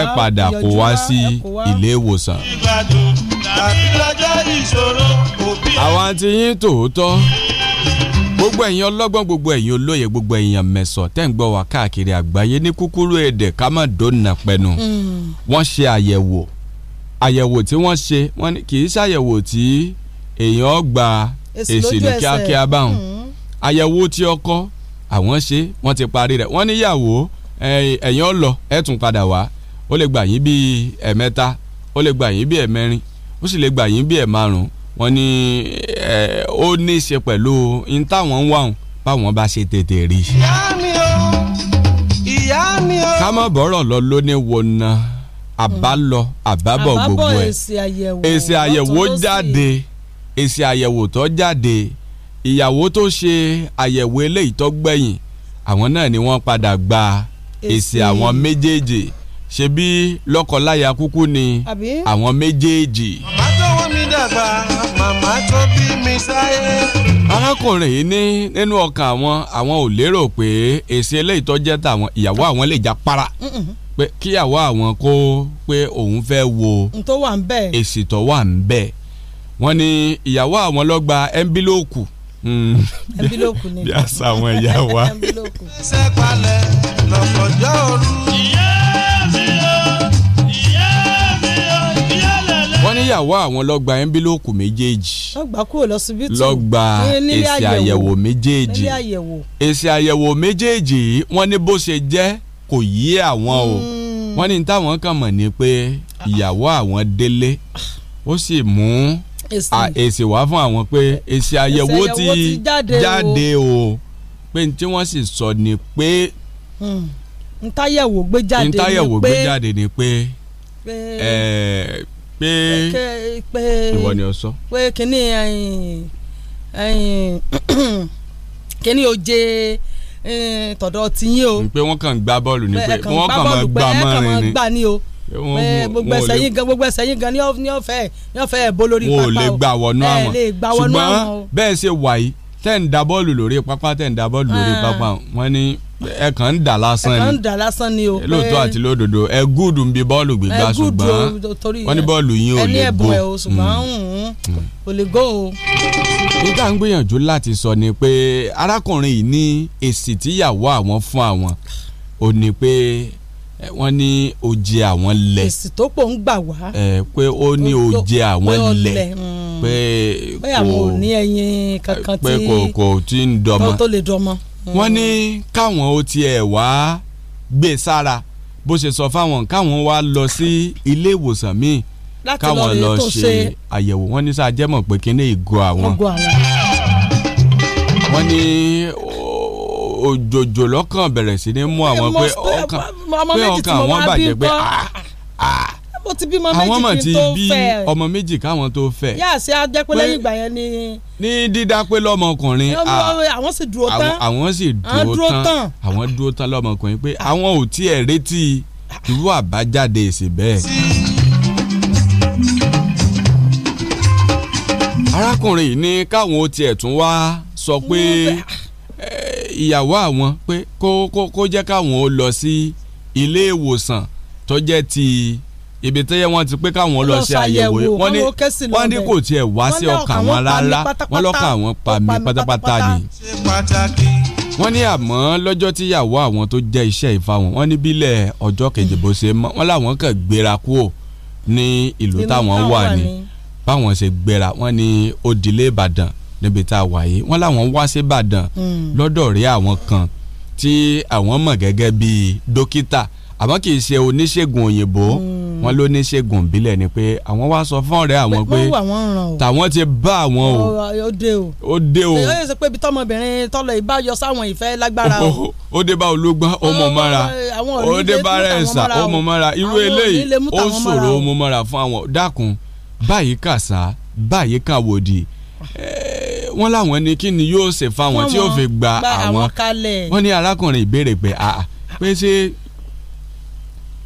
ẹ padà kó wá sí ilé ìwòsàn. àwa ti yín tòótọ́ gbogbo ẹ̀yin ọlọ́gbọ́n gbogbo ẹ̀yin olóye gbogbo ẹ̀yin mẹ̀sọ̀ tẹ́ ń gbọ́ wá káàkiri àgbáyé ní kúkúrú èdè ká má dóná pẹnu mm. wọ́n ṣe àyẹ̀wò àyẹ̀wò tí wọ́n ṣe wọ́n ní kì í ṣàyẹ̀wò tí èèyàn gba èsì ní kíákíá báwọn mm. àyẹ̀wò tí ọkọ àwọn ṣe wọ́n ti parí rẹ̀ wọ́n níyàwó ẹ̀yin ọlọ ẹ̀ tún padà wá ó lè gbà yín bíi ẹ̀mẹ́ta ó lè gbà yín bíi ẹ̀mẹ́rin ó sì lè gbà yín bíi ẹ̀márùn wọ́n ní ó ní í ṣe pẹ̀lú ní táwọn ń wáhùn báwọn bá ṣe tètè rí. ká bọ́rọ̀ lọ lóní wo na àbálọ hmm. àbábọ̀ gbogbo ẹ̀ èsì àyẹ̀wò jáde èsì àyẹ̀wò tó jáde ìyàwó tó ṣe àyẹ̀wò eléyìí tó gbẹ̀yìn àwọn náà ni wọ́n padà gba èsì àwọn méjèèjì ṣebí lọ́kọláya kúkú ni àwọn méjèèjì. màmá tó wọ́n mi dàgbà màmá tó bí mi sáyé. arákùnrin yìí ní nínú ọkàn àwọn àwọn ò lérò pé èsì eléyìí tó jẹ́ tàwọn ìyàwó àwọn lè já para pé kíyàwó àwọn kó pé òun fẹ́ wo èsì tó wà ń bẹ̀ wọ́n ní ìyàwó àwọn ló gba ẹ́ńbílóòkù hmm. ẹnbílòkù ni bí àṣà àwọn ẹ̀yà wa. ẹnbílòkù. ṣé palẹ̀ lọ́kọ̀jọ́ òru. ìyá wọ́n níyàwó àwọn lọ́gba ẹ́ńbílòkù méjèèjì lọ́gba kúrò lọ́sibítù lọ́gba èsì àyẹ̀wò méjèèjì èsì àyẹ̀wò méjèèjì wọ́n ní bó ṣe jẹ́ kò yí àwọn o hmm. wọ́n ní táwọn kàn mọ̀ ní pé ìyàwó àwọn délé ó sì mú èsì wá fún àwọn pé èsì àyẹ̀wò ti jáde o pé tí wọ́n sì sọ ni pé hmm. ntayẹ̀wò gbé ni pé ntayẹ̀wò gbé ni pé pé ìwọ ni o sọ. pé kínní kínní oje tọ̀dọ̀ tiyín o. pé wọ́n kàn gbá bọ́ọ̀lù ni pé wọ́n kàn máa gbá mọ́rin ni gbogbo ẹsẹ yín gan gbogbo ẹsẹ yín gan ní ọ̀fẹ́ ní ọ̀fẹ́ ẹ bó lórí pápá o. wọn ò lè gbà wọnú àmọ́ ṣùgbọ́n bẹ́ẹ̀ ṣe wà yìí tẹ̀ ń da bọ́ọ̀lù lórí pápá tẹ̀ ń da bọ́ọ̀lù lórí ah. pápá wọ́n ní ẹ kàn ń dà lásán ni ẹ kàn ń dà lásán ni o pé lóòótọ́ àti lódodo ẹ gúùdù ń bi bọ́ọ̀lù gbígbá ṣùgbọ́n wọ́n ní bọ́ọ̀lù yín ò lè go ẹ ní ẹ̀bùn o ṣùgbọ́n hmm. hmm. ò lè go o. nígbà ń gbìyànjú láti sọ ni pé arákùnrin yìí ní èsì tíyàwó àwọn fún àwọn ò ní pé wọ́n ní òjì àwọn lẹ̀ èsì tó pò ń gbà wá pé ó ní òjì àwọn lẹ̀ pé kò pé àwọn hmm. ò ní ẹyin kankan tí kò tí dọmọ wọ́n ní káwọn ó tiẹ̀ wá gbé sára bó ṣe sọ fáwọn káwọn wá lọ sí ilé ìwòsàn míì káwọn lọ ṣe àyẹ̀wò wọ́n ní sáà jẹ́mọ̀ pé kíní ìgò àwọn wọ́n ní òjòjò lọ́kàn bẹ̀rẹ̀ sí ní mú àwọn pé ọkàn pé ọkàn wọn bàjẹ́ pé ah ah ó ti bímọ méjì kí n tó fẹ́. àwọn ọmọ ti bí ọmọ méjì káwọn tó fẹ́. yá àṣẹ ajẹ́pẹ́ lẹ́yìn ìgbà yẹn ni. ní dídápẹ́ lọ́mọkùnrin. àwọn sì dúró tán. àwọn sì dúró tán àwọn dúró tán lọ́mọkùnrin pé àwọn ò tiẹ̀ retí irú àbájáde èsì bẹ́ẹ̀. arákùnrin yìí ní káwọn ó tiẹ̀ tún wá sọ pé ìyàwó àwọn pé kó jẹ́ káwọn ó lọ sí ilé ìwòsàn tó jẹ́ ti ibi tẹ́yẹ wọ́n ti pé káwọn lọ sí àyẹ̀wò wọ́n ní wọ́n ní kò tiẹ̀ wá sí ọkàn wọn rárá wọ́n lọ́kàn àwọn pa mí pátápátá ni. wọ́n ní àmọ́ lọ́jọ́ tí ìyàwó àwọn tó jẹ́ iṣẹ́ ìfa wọn wọ́n ní bílẹ̀ ọjọ́ kejì bó ṣe mọ́ wọ́n láwọn kàn gbéra kúò ní ìlú táwọn wà ní báwọn ṣe gbéra wọ́n ní òdìlé Ìbàdàn níbi tá a wà yìí wọ́n láwọn wá sí Ìbàdàn hmm. lọ́dọ̀ rí àwọn kan tí àwọn mọ̀ gẹ́gẹ́ bíi dókítà àmọ́ kì í ṣe oníṣègùn òyìnbó hmm. wọn ló níṣègùn ìbílẹ̀ ni pé àwọn wá sọ fún ọ̀rẹ́ àwọn pé tàwọn ti bá àwọn o ó dé o ó dé o ó ṣe pé ibi tọmọbìnrin tọlọ ìbá yọ sáwọn ìfẹ́ lágbára o ó dé bá ológbá ọmọ mọ́ra ó dé bá rẹ̀sà ọmọ mọ́ra irú eléyìí ó ṣòro ọmọ mọ́ra fún àwọn dákun báyìí kàṣá báyìí kàwòdì eh, wọn láwọn ni kí ni yóò ṣe fáwọn tí yóò fi gba àwọn wọn ní arákùnrin ìbéèrè pé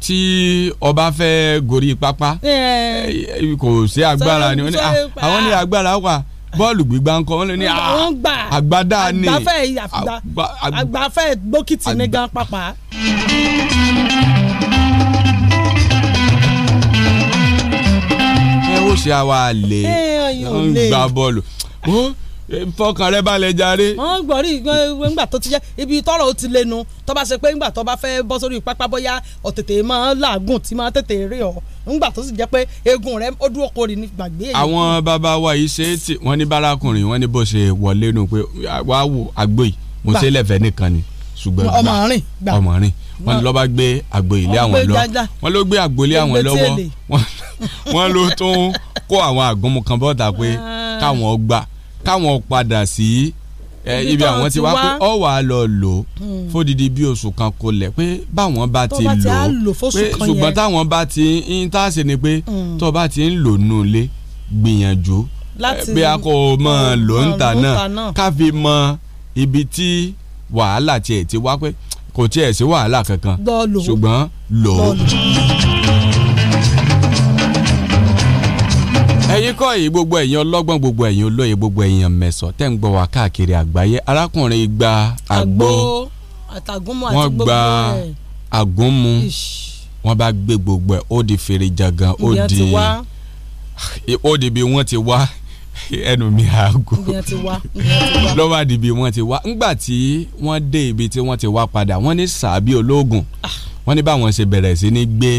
tí ọba fẹ́ gorí pápá kò sí agbára ni ah, àwọn ní agbára wà bọ́ọ̀lù gbígbá ń kọ́ wọ́n lè ní ah, àgbádá ni àgbáfẹ́ bókìtì ní gan pápá. ẹ ó ṣe àwa àlè ń gba bọ́ọ̀lù fọkàn rẹ balẹ̀ jàre. wọ́n gbọ́ rí nígbà tó ti jẹ́ ibi tọ́rọ̀ ó ti lẹ́nu tó bá ṣe pé nígbà tó bá fẹ́ bọ́ sórí pápá bóyá ọ̀tẹ̀tẹ̀ máa ń làágùn tí máa tètè rí ọ nígbà tó sì jẹ́ pé eegun rẹ ó dúró kórè ní gbàgbé. àwọn bàbá wa yìí ṣe é tì wọ́n ní bárakùnrin wọ́n ní bó ṣe wọlé nù pé wàá wò àgbò mo ṣe lẹ́fẹ̀ẹ́ nìkan ni ṣùgbọ́n ọmọ ọmọ rìn wọ́n lọ bá gbé àgbò àwọn lọ wọ́n ló gbé àgbò àwọn lọ́wọ́ wọ́n ló tún kó àwọn àgúnmu kan bọ́ta pé ah. káwọn gbà káwọn padà sí ibi àwọn ti wá pé ọ wà á lọ lò ó hmm. fódìdí bí oṣù kan kò lẹ̀ pé báwọn bá ti lò ó pé ṣùgbọ́n táwọn bá ti ń tá a ṣe ni pé hmm. tó bá ti ń lò nù lé gbìyànjú bí a kò mọ hmm. lò ń tà náà ká fi mọ ibi tí wàhálà tiẹ̀ ti wá pé kò tiẹ̀ sí wàhálà kankan ṣùgbọ́n lò ó. ẹ̀yin kọ́ èyí gbogbo ẹ̀yin ọlọ́gbọ́n gbogbo ẹ̀yin olóye gbogbo ẹ̀yin mẹ̀sọ̀ tẹ́ ń gbọ́ wá káàkiri àgbáyé arákùnrin igba àgbo wọ́n gba àgúnmu wọ́n bá gbé gbogbo ẹ̀ ó di fèrè jàgàn ó di ó di bí wọ́n ti wá ẹnu mi aago ló bá di ti wá ńgbà tí wọ́n dé ibi tí wọ́n ti wá padà wọ́n ní sàbí ológun ah. wọ́n ní báwọn ṣe bẹ̀rẹ̀ sí ní gbé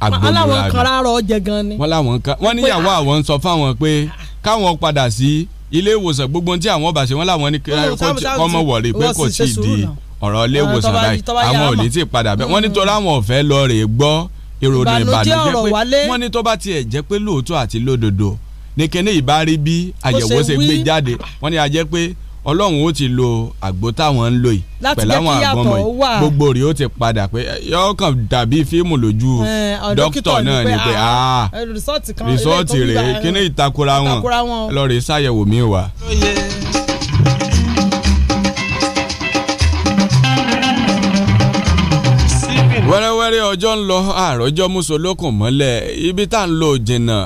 agbóhùn ara rẹ̀ kan rárọ̀ jẹ gan ni. wọ́n láwọn kan wọ́n níyàwó ah. àwọn ń sọ fáwọn pé káwọn padà sí ilé ìwòsàn gbogbo tí àwọn bá ṣe láwọn ní kọ́mọ wọ̀rẹ́ pé kò tí di ọ̀rọ̀ ilé ìwòsàn báyìí àwọn ò ní tí ì padà bẹ́ẹ̀ wọ́n nítorí mm. àwọn ọ̀fẹ́ lọ rè gbọ́ ìròyìn ìbànújẹ́ pé wọ́n ní tó bá tiẹ̀ jẹ́ pé lóòótọ́ àti lódodo ní kíní ìbá rí bí àyẹ̀wò ṣe gbé jáde wọ́n ní a pé ọlọ́run ó ti lo àgbo táwọn ń lò yìí pẹ̀lú àwọn àgbọn mọ̀ yìí gbogbo rẹ̀ ó ti padà pé yọ kàn dàbí fíìmù lójú dókítà náà ni pé ah, ah, rìsọ́ọ̀tì rèé kí ni wọn lọ rèé ṣàyẹ̀wò mi wá. wẹ́rẹ́wẹ́rẹ́ ọjọ́ ń lọ àròjọ́ mùsùlùkùn mọ́lẹ̀ ibi tá à ń lò jìnnà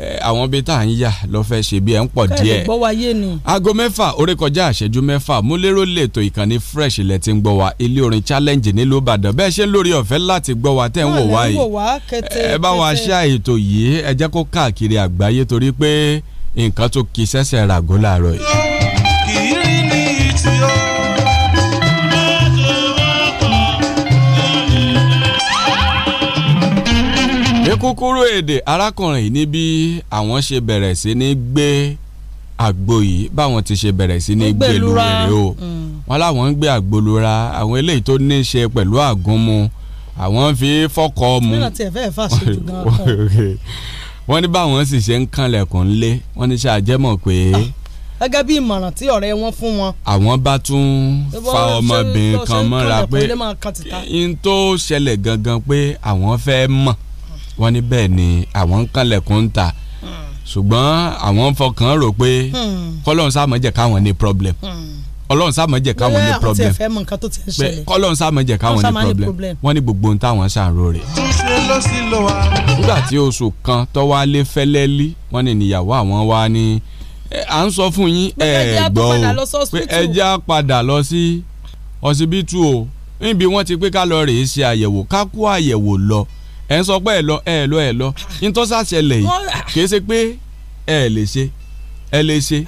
Eh, àwọn bíi tá à ń yà lọ fẹ́ ṣe bí ẹ̀ ń pọ̀ díẹ̀ aago mẹ́fà ó rékọjá àṣẹjú mẹ́fà mo lérò lẹ́tọ̀ ìkànnì fresh ilẹ̀ tí ń gbọ́ wa ilé orin challenge nílùú Ìbàdàn bẹ́ẹ̀ ṣe lórí ọ̀fẹ́ láti gbọ́ wa tẹ́ ń wò wá yìí ẹ bá wa ṣe àìtò yìí ẹ jẹ́ kó káàkiri àgbáyé torí pé nǹkan tó kì í ṣẹ̀ṣẹ̀ ràgó láàárọ̀ yìí. kúkúrú èdè arákùnrin yìí ní bí àwọn ṣe bẹ̀rẹ̀ sí ní gbé àgbo yìí báwọn ti ṣe bẹ̀rẹ̀ sí ní gbèlú rere o mm. wọn láwọn ń gbé àgbolura àwọn eléyìí tó ní í ṣe pẹ̀lú àgúnmu àwọn fi fọ́kọ mu wọ́n ní báwọn sì ṣe ń kanlẹ̀kùn lé wọ́n ní ṣàjẹmọ̀ pé ah, gẹ́gẹ́ bí ìmọ̀ràn tí ọ̀rẹ́ wọn fún wọn. àwọn bá tún fa ọmọbìnrin kan mọ́ra pé n tó ṣẹlẹ̀ gangan pé àwọn fẹ́ mọ̀ wọ́n ní bẹ́ẹ̀ ni àwọn ń kànlẹ̀kùn ń ta hmm. ṣùgbọ́n àwọn ń fọkàn rò pé hmm. kọ́lọ́n sá káwọn ní problem hmm. ọlọ́run sá mọ̀jẹ̀ káwọn ní problem kọ́lọ́n sá mọ̀jẹ̀ káwọn ní problem wọ́n ní gbogbo ohun táwọn ṣàǹrò rẹ̀. nígbà tí oṣù kan tọ́wálé fẹ́lẹ́lí wọ́n ní níyàwó àwọn wá ní à ń sọ fún yín ẹ gbọ́ o pé ẹ já padà lọ sí ọsibítù o níbi wọ́n ti pé ká lọ rèé ṣe àyẹ̀wò ká kó àyẹ̀wò lọ ẹ̀ ń sọ pé ẹ̀ lọ ẹ̀ lọ ẹ̀ lọ yín tó ṣàṣẹlẹ̀ yìí kì í ṣe pé ẹ̀ lè ṣe ẹ̀ lè ṣe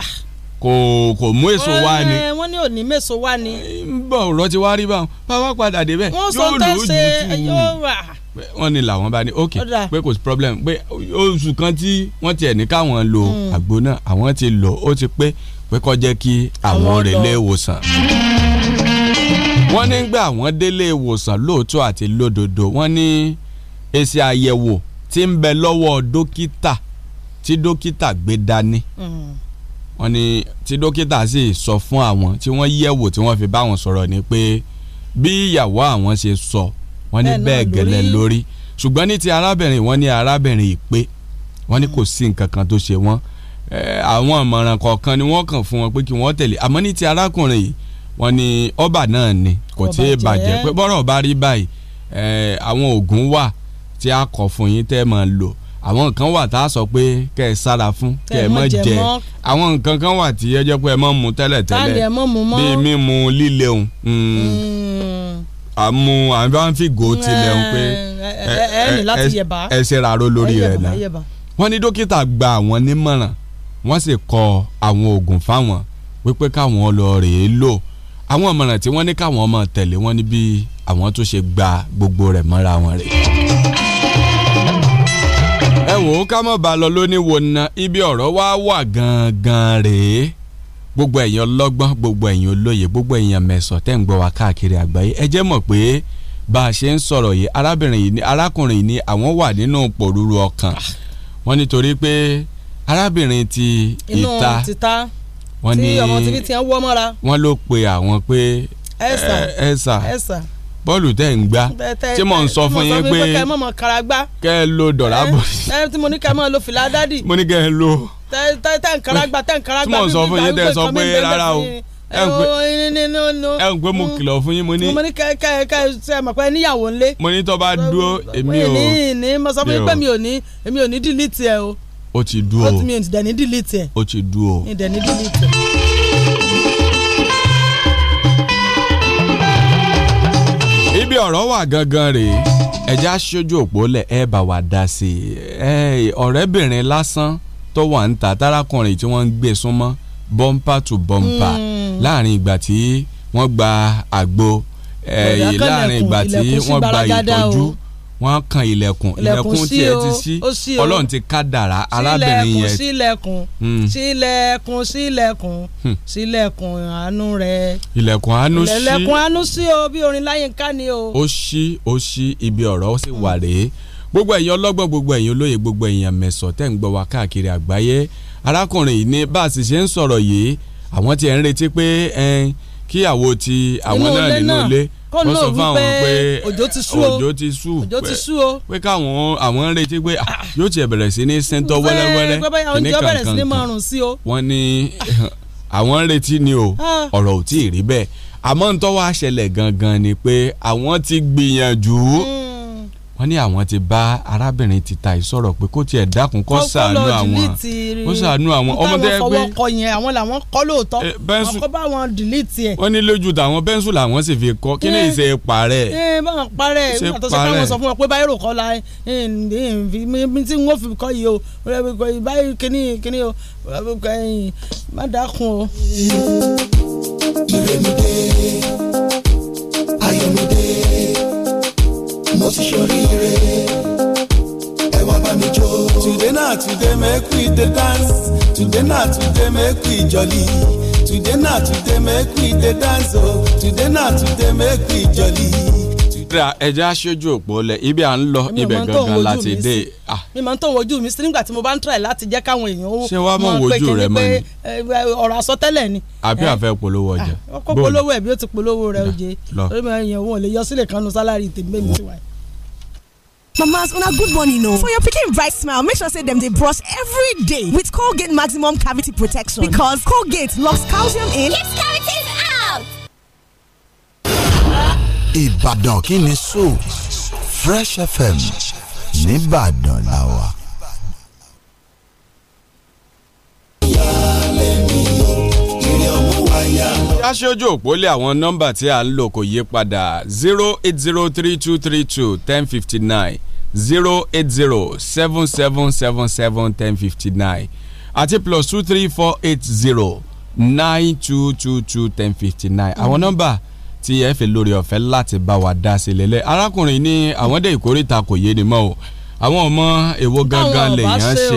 kò kò mú èso wá ni. wọ́n ní òní mèso wá ni. ń bọ̀ ọ̀rọ̀ ti wá rí báwọn báwa padà débẹ̀ yóò lò ó jù ú wọ́n ní làwọn bá ní ok pé kò sí problem pé oṣù kan tí wọ́n tiẹ̀ ní káwọn lo hmm. àgbo náà àwọn ti lò ó ti pé pé kó jẹ́ kí àwọn rè lé ìwòsàn wọ́n nígbà wọ́n délé ìwòsàn lóòótọ́ àti lódodo wọ́n ní. Ni èsì àyẹ̀wò tí ń bẹ lọ́wọ́ dókítà tí dókítà gbé dání mm. wọ́n ní tí dókítà sì sọ fún àwọn tí wọ́n yẹ̀wò tí wọ́n fi bá wọn sọ̀rọ̀ ni pé bí ìyàwó àwọn ṣe sọ wọ́n ní bẹ́ẹ̀ gẹ́lẹ́ lórí ṣùgbọ́n ní ti arábìnrin wọ́n ní arábìnrin ìpè wọ́n ní kò sí nǹkan kan tó ṣe wọ́n eh, àwọn ìmọ̀ràn kọ̀ọ̀kan ni wọ́n kàn fún wọn pé kí wọ́n tẹ̀lé àmọ́ ní ti arákùnrin yìí wọ́n ní ọba náà ni kò tí ì bàjẹ́ pé bọ́rọ̀ bá rí báyìí eh, àwọn oògùn wà tí a kọ fún yín tẹ́ máa lò àwọn nǹkan wà tá a sọ pé kẹ́ ẹ sára fún kẹ́ ẹ má jẹ àwọn nǹkan kan wà tí ẹ jẹ́ pé ẹ má mu tẹ́lẹ̀ bíi mímu líleun àmú hmm. hmm. àbáfígò tilẹ̀ pé eh, eh, eh, ẹ ṣe ràró lórí rẹ̀ náà wọ́n ní dókítà gba àwọn nímọ̀ràn wọ́n sì kọ àwọn oògùn fáwọn wípé káwọn lọ rèé lò àwọn ìmọ̀ràn tí wọ́n ní káwọn máa tẹ̀lé wọn níbi àwọn tó ṣe gba gbogbo rẹ̀ mọ́ra wọn rèé wò ó ká mọ̀ bá lọ lónìí wò ná ibi ọ̀rọ̀ wá wà gangan rèé gbogbo èèyàn ọlọ́gbọ́n gbogbo èèyàn olóye gbogbo èèyàn mẹ̀sàn tẹ́ ń gbọ́ wá káàkiri àgbáyé ẹ jẹ́ mọ̀ pé bá a ṣe ń sọ̀rọ̀ yìí arábìnrin yìí ni arákùnrin yìí ni àwọn wà nínú pòrúurú ọkàn wọ́n nítorí pé arábìnrin ti ìta wọ́n ní wọ́n ló pe àwọn pé ẹ̀sà ẹ̀sà bọ́ọ̀lù tẹ̀ ń gbá tí mò ń sọ fún yín pé kẹ́ ẹ mọ̀ lo dọ̀là bọ̀ sí. ẹ tí mo ní kẹ́ ẹ mọ̀ lo fìlà dádì. mo ní kẹ́ ẹ lo. tẹ́ tẹ́ ń kára gbá tẹ́ ń kára gbá bí mo ń sọ fún yín tẹ́ sọ pé rárá o ẹ ń pé mo kìlọ̀ fún yín mo ní. mo ní kẹ́ ẹ kẹ́ ẹ ṣe mọ̀ pé níyàwó ńlé. mo ní tó bá dúró èmi ò. mi ní mo sọ fún yín pé mi ò ní o. o ti dúró. o ti mi ò ní ọ̀rọ̀ wà gangan rèé ẹ̀já aṣojú òpó lẹ̀ ẹ bá wa dá sí i ọ̀rẹ́bìnrin lásán tó wà ń ta tárakùnrin tí wọ́n ń gbé súnmọ́ bọ́ńpà tù bọ́ńpà láàrin ìgbà tí wọ́n gba àgbo eh, láàrin ìgbà tí wọ́n gba ìtọ́jú wọ́n kan ilẹ̀kùn ilẹ̀kùn tiẹ̀ ti ṣí ọlọ́run ti ká dàrá arábìnrin yẹn. sílẹ̀kùn sílẹ̀kùn hmm. sílẹ̀kùn sílẹ̀kùn hmm. àánú rẹ̀. ilẹ̀kùn àánú ṣí ilẹ̀kùn àánú ṣí o bí orin láyínká ni o. ó ṣí ó ṣí ibi ọ̀rọ̀ ó sì wà rèé gbogbo ẹ̀yin ọlọ́gbọ́n gbogbo ẹ̀yin olóye gbogbo ẹ̀yin mẹ̀sọ̀ tẹ́ ń gbọ́ wa káàkiri àgbáyé arákùnrin yìí ní bá a sì ṣe ń sọ̀rọ̀ yìí àwọn tí ẹ̀ ń retí pé ẹ̀ẹ́ kíyàwó ti àwọn náà nínú ilé wọ́n sọ fún àwọn pé òjò ti sú o òjò ti sú òjò ti sú o pé káwọn àwọn ń retí pé ah, yóò tiẹ̀ bẹ̀rẹ̀ sí ní sẹ́ńtọ́ wẹ́lẹ́wẹ́lẹ́ kìnní kankan wọ́n ní àwọn ń retí ni o ah. ọ̀rọ̀ ò tí ì rí bẹ́ẹ̀ àmọ́ ń tọ́wọ́ àṣẹlẹ̀ gangan ni pé àwọn ti gbìyànjú. Hmm wọ́n ní àwọn ti bá arábìnrin ti ta ìsọ̀rọ̀ pé kó tiẹ̀ dákun kó ṣàánú àwọn kó ṣàánú àwọn ọmọdé ẹgbẹ́ àwọn fọwọ́kọ yẹn àwọn làwọn kọ́ lóòótọ́ eh, ọkọ bá wọn dìlítì ẹ̀. wọ́n ní lójú tàwọn bẹ́ńsù làwọn sì fi kọ́ kí ni eh, ìṣe parẹ́. ẹ eh, bá wọn parẹ́ ẹ nígbà tó ṣe pé wọ́n sọ fún wọn pé báyìí rò kọ́ la mi tí n ó fi kọ́ yìí o báyìí kíní kíní o má dákun o. ìrèmídé ayọ̀mídé ti ṣoríire. ẹ wá bá mi jó. today na today make we dey dance today na today make we jolly today na today make we dey dance o oh. today na today make we jolly dá ẹja aṣojú òpó lẹ ibi à ń lọ ibẹ̀ gangan láti dé. mi máa ń tàn wojú mi sí nígbà tí mo bá ń try láti jẹ́ káwọn èèyàn ó mọ pé kí ni pé ọ̀rọ̀ àsọtẹ́lẹ̀ ni. àbí àfẹ́ polówó ọjà. Ah, ó kó polówó ẹ̀ bí ó ti polówó rẹ̀ oje lórí mi èèyàn òun ò lè yọ sílẹ̀ kanú sálárì tèmi bẹ́ẹ̀ mi ti wáyé. Mamas, on good one, you know. For your picking bright smile, make sure say them they brush every day with Colgate Maximum Cavity Protection because Colgate locks calcium in. Keeps cavities out. Ibadan kini so Fresh FM nìbàdàn làwà. aṣojú òpó lé àwọn nọ́mbà tí a ń lò kò yí padà zero eight zero three two three two ten fifty nine zero eight zero seven seven seven seven ten fifty nine àti plus two three four eight zero nine two two two ten fifty nine àwọn mm. nọ́mbà tí ẹ fi lórí ọ̀fẹ́ láti bá wa dá sílẹ̀ lẹ́ arákùnrin ní àwọn dé ìkórìtà kò yé ni mọ́ o àwọn ọmọ èwo gangan lèèyàn ṣe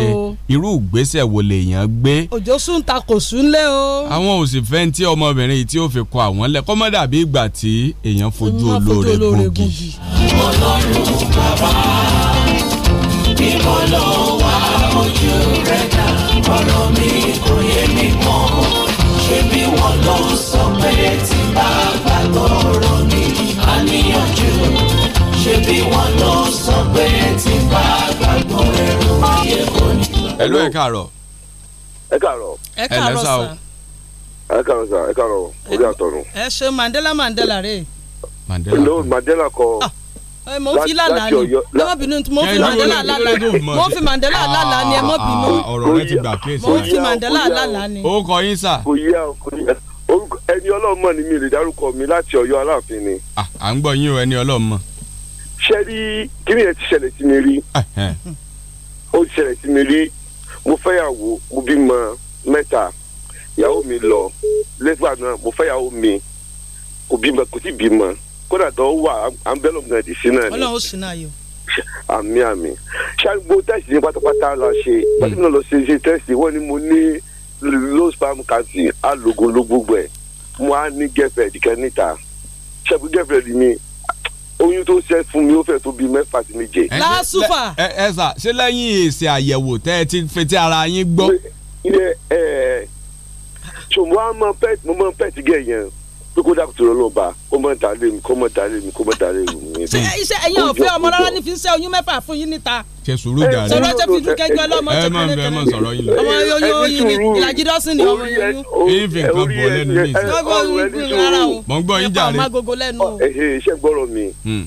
irú ìgbésẹ̀ wo lèèyàn gbé. òjò sùn ta kò sùn lé o. àwọn òsì fẹ́ tí ọmọbìnrin yìí tí ó fi kọ àwọn lẹ kọ́ mọ́ dàbí ìgbà tí èèyàn fojú olóore gbòógì. ọlọ́run bàbá bí mo lọ wá mi kò yé mi mọ́ ṣé bí wọ́n lọ sọ pé tí bá gbàgbọ́ ọ̀rọ̀ mi á ṣebí wọn ló sọ pé tí bá gbàgbọ́ ẹrù iye ẹ ló ẹ káàárọ̀. sà. ẹ káàárọ̀ sà ẹ káàárọ̀ orí àtọ̀run. ẹ ṣe Mandela Mandela re? Mandela no Mandela kọ. Ah, mo fi lálàá ni ẹ má bínú mo fi Mandela lálàá ni mo fi Mandela lálàá ni ẹ má ah, bínú. Ah, ọ̀rọ̀ rẹ ti gbà kíyèsí. mo oh. fi Mandela lálàá ni. ó kọ yín sà. kò yẹ kò yẹ ẹni ọlọ́mọ ni mi lè dárúkọ mi láti Ọ̀yọ́ Aláàfin ni. à ń gbọ́ yín o ẹni ọlọ́mọ ṣe rí kíni yẹn ti ṣẹlẹ̀ sí mi rí ó ti ṣẹlẹ̀ sí mi rí mo fẹ́yàwó mo bímọ mẹ́ta ìyàwó mi lọ lẹ́gbà náà mo fẹ́yàwó mi kò bímọ kò tí bímọ kódà tó wà àǹbẹ̀lọ̀ náà di sí náà ni. ọlọ́run sì náà yọ. àmì àmì ṣàgbó tẹ́sì ní pátápátá la ṣe pátí hmm. mi lọ ṣe ṣe tẹ́sì wọ́n ni mo ní low spam calcium alògùn ẹ̀ mo á ní gẹ́fẹ̀ẹ́dì kan níta ṣàgbé gẹ́fẹ̀ẹ́dì mi oyún tó ṣe fún mi ó fẹ́ tó bíi mẹ́fà sí méje. lásùfà. ẹ ẹ sà ṣé lẹ́yìn èsì àyẹ̀wò tẹ́ ẹ ti fetí ara yín gbọ́. ṣùgbọ́n mo máa ń pẹ́ẹ́tì gẹ̀ yẹn pé kó dàkùtù lọ́lọ́ ba kó mọ̀ ta lé mi kó mọ̀ ta lé mi kó mọ̀ ta lé mi. ṣé iṣẹ́ ẹ̀yin ọ̀fẹ́ ọmọ rárá ní fi ń ṣe oyún mẹ́fà fún yín níta. ṣe sùúrù jàre sọ̀rọ̀ ṣe fi dúkẹ́ jọ lọ́mọ ṣe kéde kan ọmọ yóyó yín ìlàjì dọ́sìn ni ọmọ yóyó. èyí fi nǹkan bò lẹ́nu hmm. hmm. ní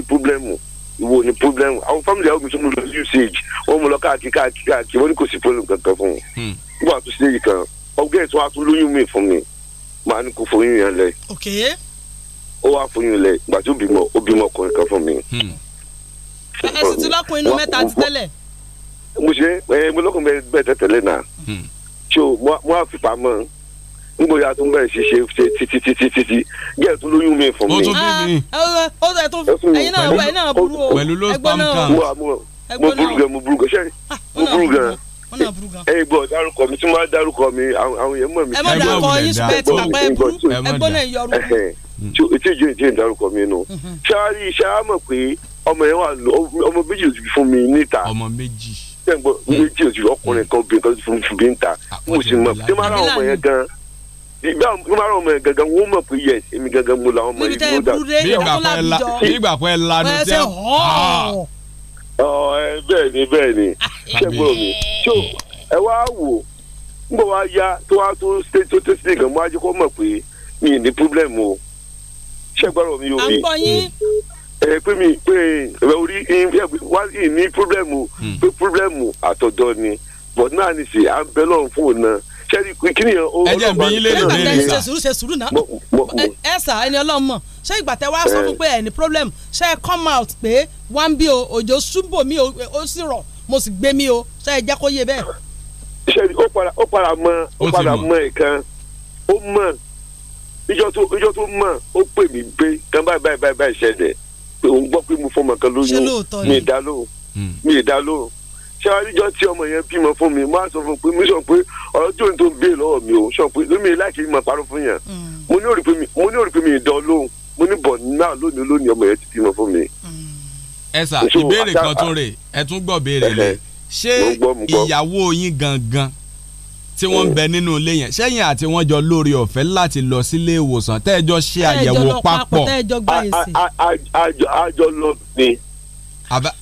ìsìn. gbogbo ìwo ni problem àwọn family àwọn mìíràn lọ usage wọn mo lọ káàkiri káàkiri káàkiri wọn ni kò sí problem kankan fún un wọn àtúnṣe yìí kan ọgbẹ́ ìtọ́ àtúnlóyún mi fún mi màá ní kó foyún yẹn lẹ. ó wá foyún lẹ ìgbà tí ó bímọ ọkùnrin kan fún mi. Hmm. ẹ sì ti lọ́kùnrin inú mẹ́ta ti tẹ́lẹ̀. mo ṣe ẹ mo lọ́kùnrin bẹ́ẹ̀ tẹ́tẹ́lẹ̀ náà ṣé hmm. o mo á fi pamọ́ ngbóyà tún bẹ̀rẹ̀ sí ṣe ṣe títí títí títí díẹ̀ tún lóyún mi fún mi. ó tún bí mi. Ah, ó tún fún mi ẹyin náà wọ ẹyin náà burú o pẹ̀lú ló spam kan. mo burú gan mo burú gan ṣe ah, mo burú gan ẹyin gbọ́ dárúkọ mi tí mo bá dárúkọ mi àwọn yẹn mọ̀ mi. ẹ má dárúkọ yín spẹ́ẹ̀tì pàpà ẹ burú ẹ gbọ́dọ̀ yọrù. tí ìjọ ìjọ ìdárúkọ mi nù. ṣáárì ṣáá mọ̀ pé ọmọ yẹn wà ọmọ méjì ò fún mi níta. ọmọ méjì. Hmm. méjì ò ti ọkùnrin kan obìnrin kan fún mi níta. Ah, mo sì mọ̀ pé má ra ọmọ yẹn gan-an gbàgbọ́n ọmọ yẹn gangan wọ́n mọ̀ pé yẹ èmi gangan mo la ọmọ yìí ló dà. bí ìgbà pẹ́ la bí ìgbà pẹ́ lanu tẹ́ ọ ẹ bẹ́ẹ̀ ni bẹ́ẹ̀ ni ṣẹ́gbọ́n mi tó ẹ wá wò n bọ̀ wá ya tó wá tó ṣe tó ṣe ṣe gan mo á kó mọ̀ pé mi ní problem o ṣẹ́gbọ́n mi yóò mi ẹ pé mi pé ẹ orí wá ní problem o hmm. pé problem àtọ̀dọ̀ ni but náà nìṣe à ń bẹ́ lọ́run fóònù náà sẹ́ni kíni yẹn o. ẹ jẹ́ bí yín lè lò lè lè ṣe sùúrù ṣe sùúrù náà ẹ sà ẹni ọlọ́run mọ̀ ṣé ìgbà tẹ wá sọ fún eh. pé ẹ ní problem ṣé ẹ come out pé wọ́n bí o òjò ṣùbò mi ó sì rọ̀ mo sì gbé mi o ṣé ẹ jẹ́ kó yé bẹ́ẹ̀. sẹ́ni ó padà ó padà mọ ó padà mọ nǹkan ó mọ ìjọ tó ìjọ tó mọ ó pè mí pé kan báyìí báyìí báyìí ṣẹlẹ̀ pé òun gbọ́ pé mo fọmọ kan lóyún mi ìdálóhùn hmm. mi ìdálóhùn ṣé àríjọ tí ọmọ yẹn bímọ fún mi máa sọ fún pé mi sọ pé ọ̀rọ̀ tí òun tó ń bè lọ́wọ́ mi ò sọ pé lómi láìkí mọ̀ parọ́ fún yẹn mm. mo ní òrìpé mi mo ní òrìpé mi ìdán lóhùn mo ní bọ̀ náà lónìí lónìí ọmọ yẹn ti bímọ fún mi. Mm. ẹ sà ìbéèrè kan tún rè ẹ tún gbọ́ béèrè lẹ ṣé ìyàwó yín gangan tí wọ́n ń bẹ mm. nínú ilé yẹn sẹ́yìn àti wọ́n jọ lórí ọ̀fẹ́ láti lọ sílé ìwòsàn tẹ́ẹ̀jọ ṣe àyẹ̀wò papọ̀. tẹ́ẹ̀jọ lọ papọ̀ tẹ́ẹ̀jọ gbà èsì. àjọ lọ ni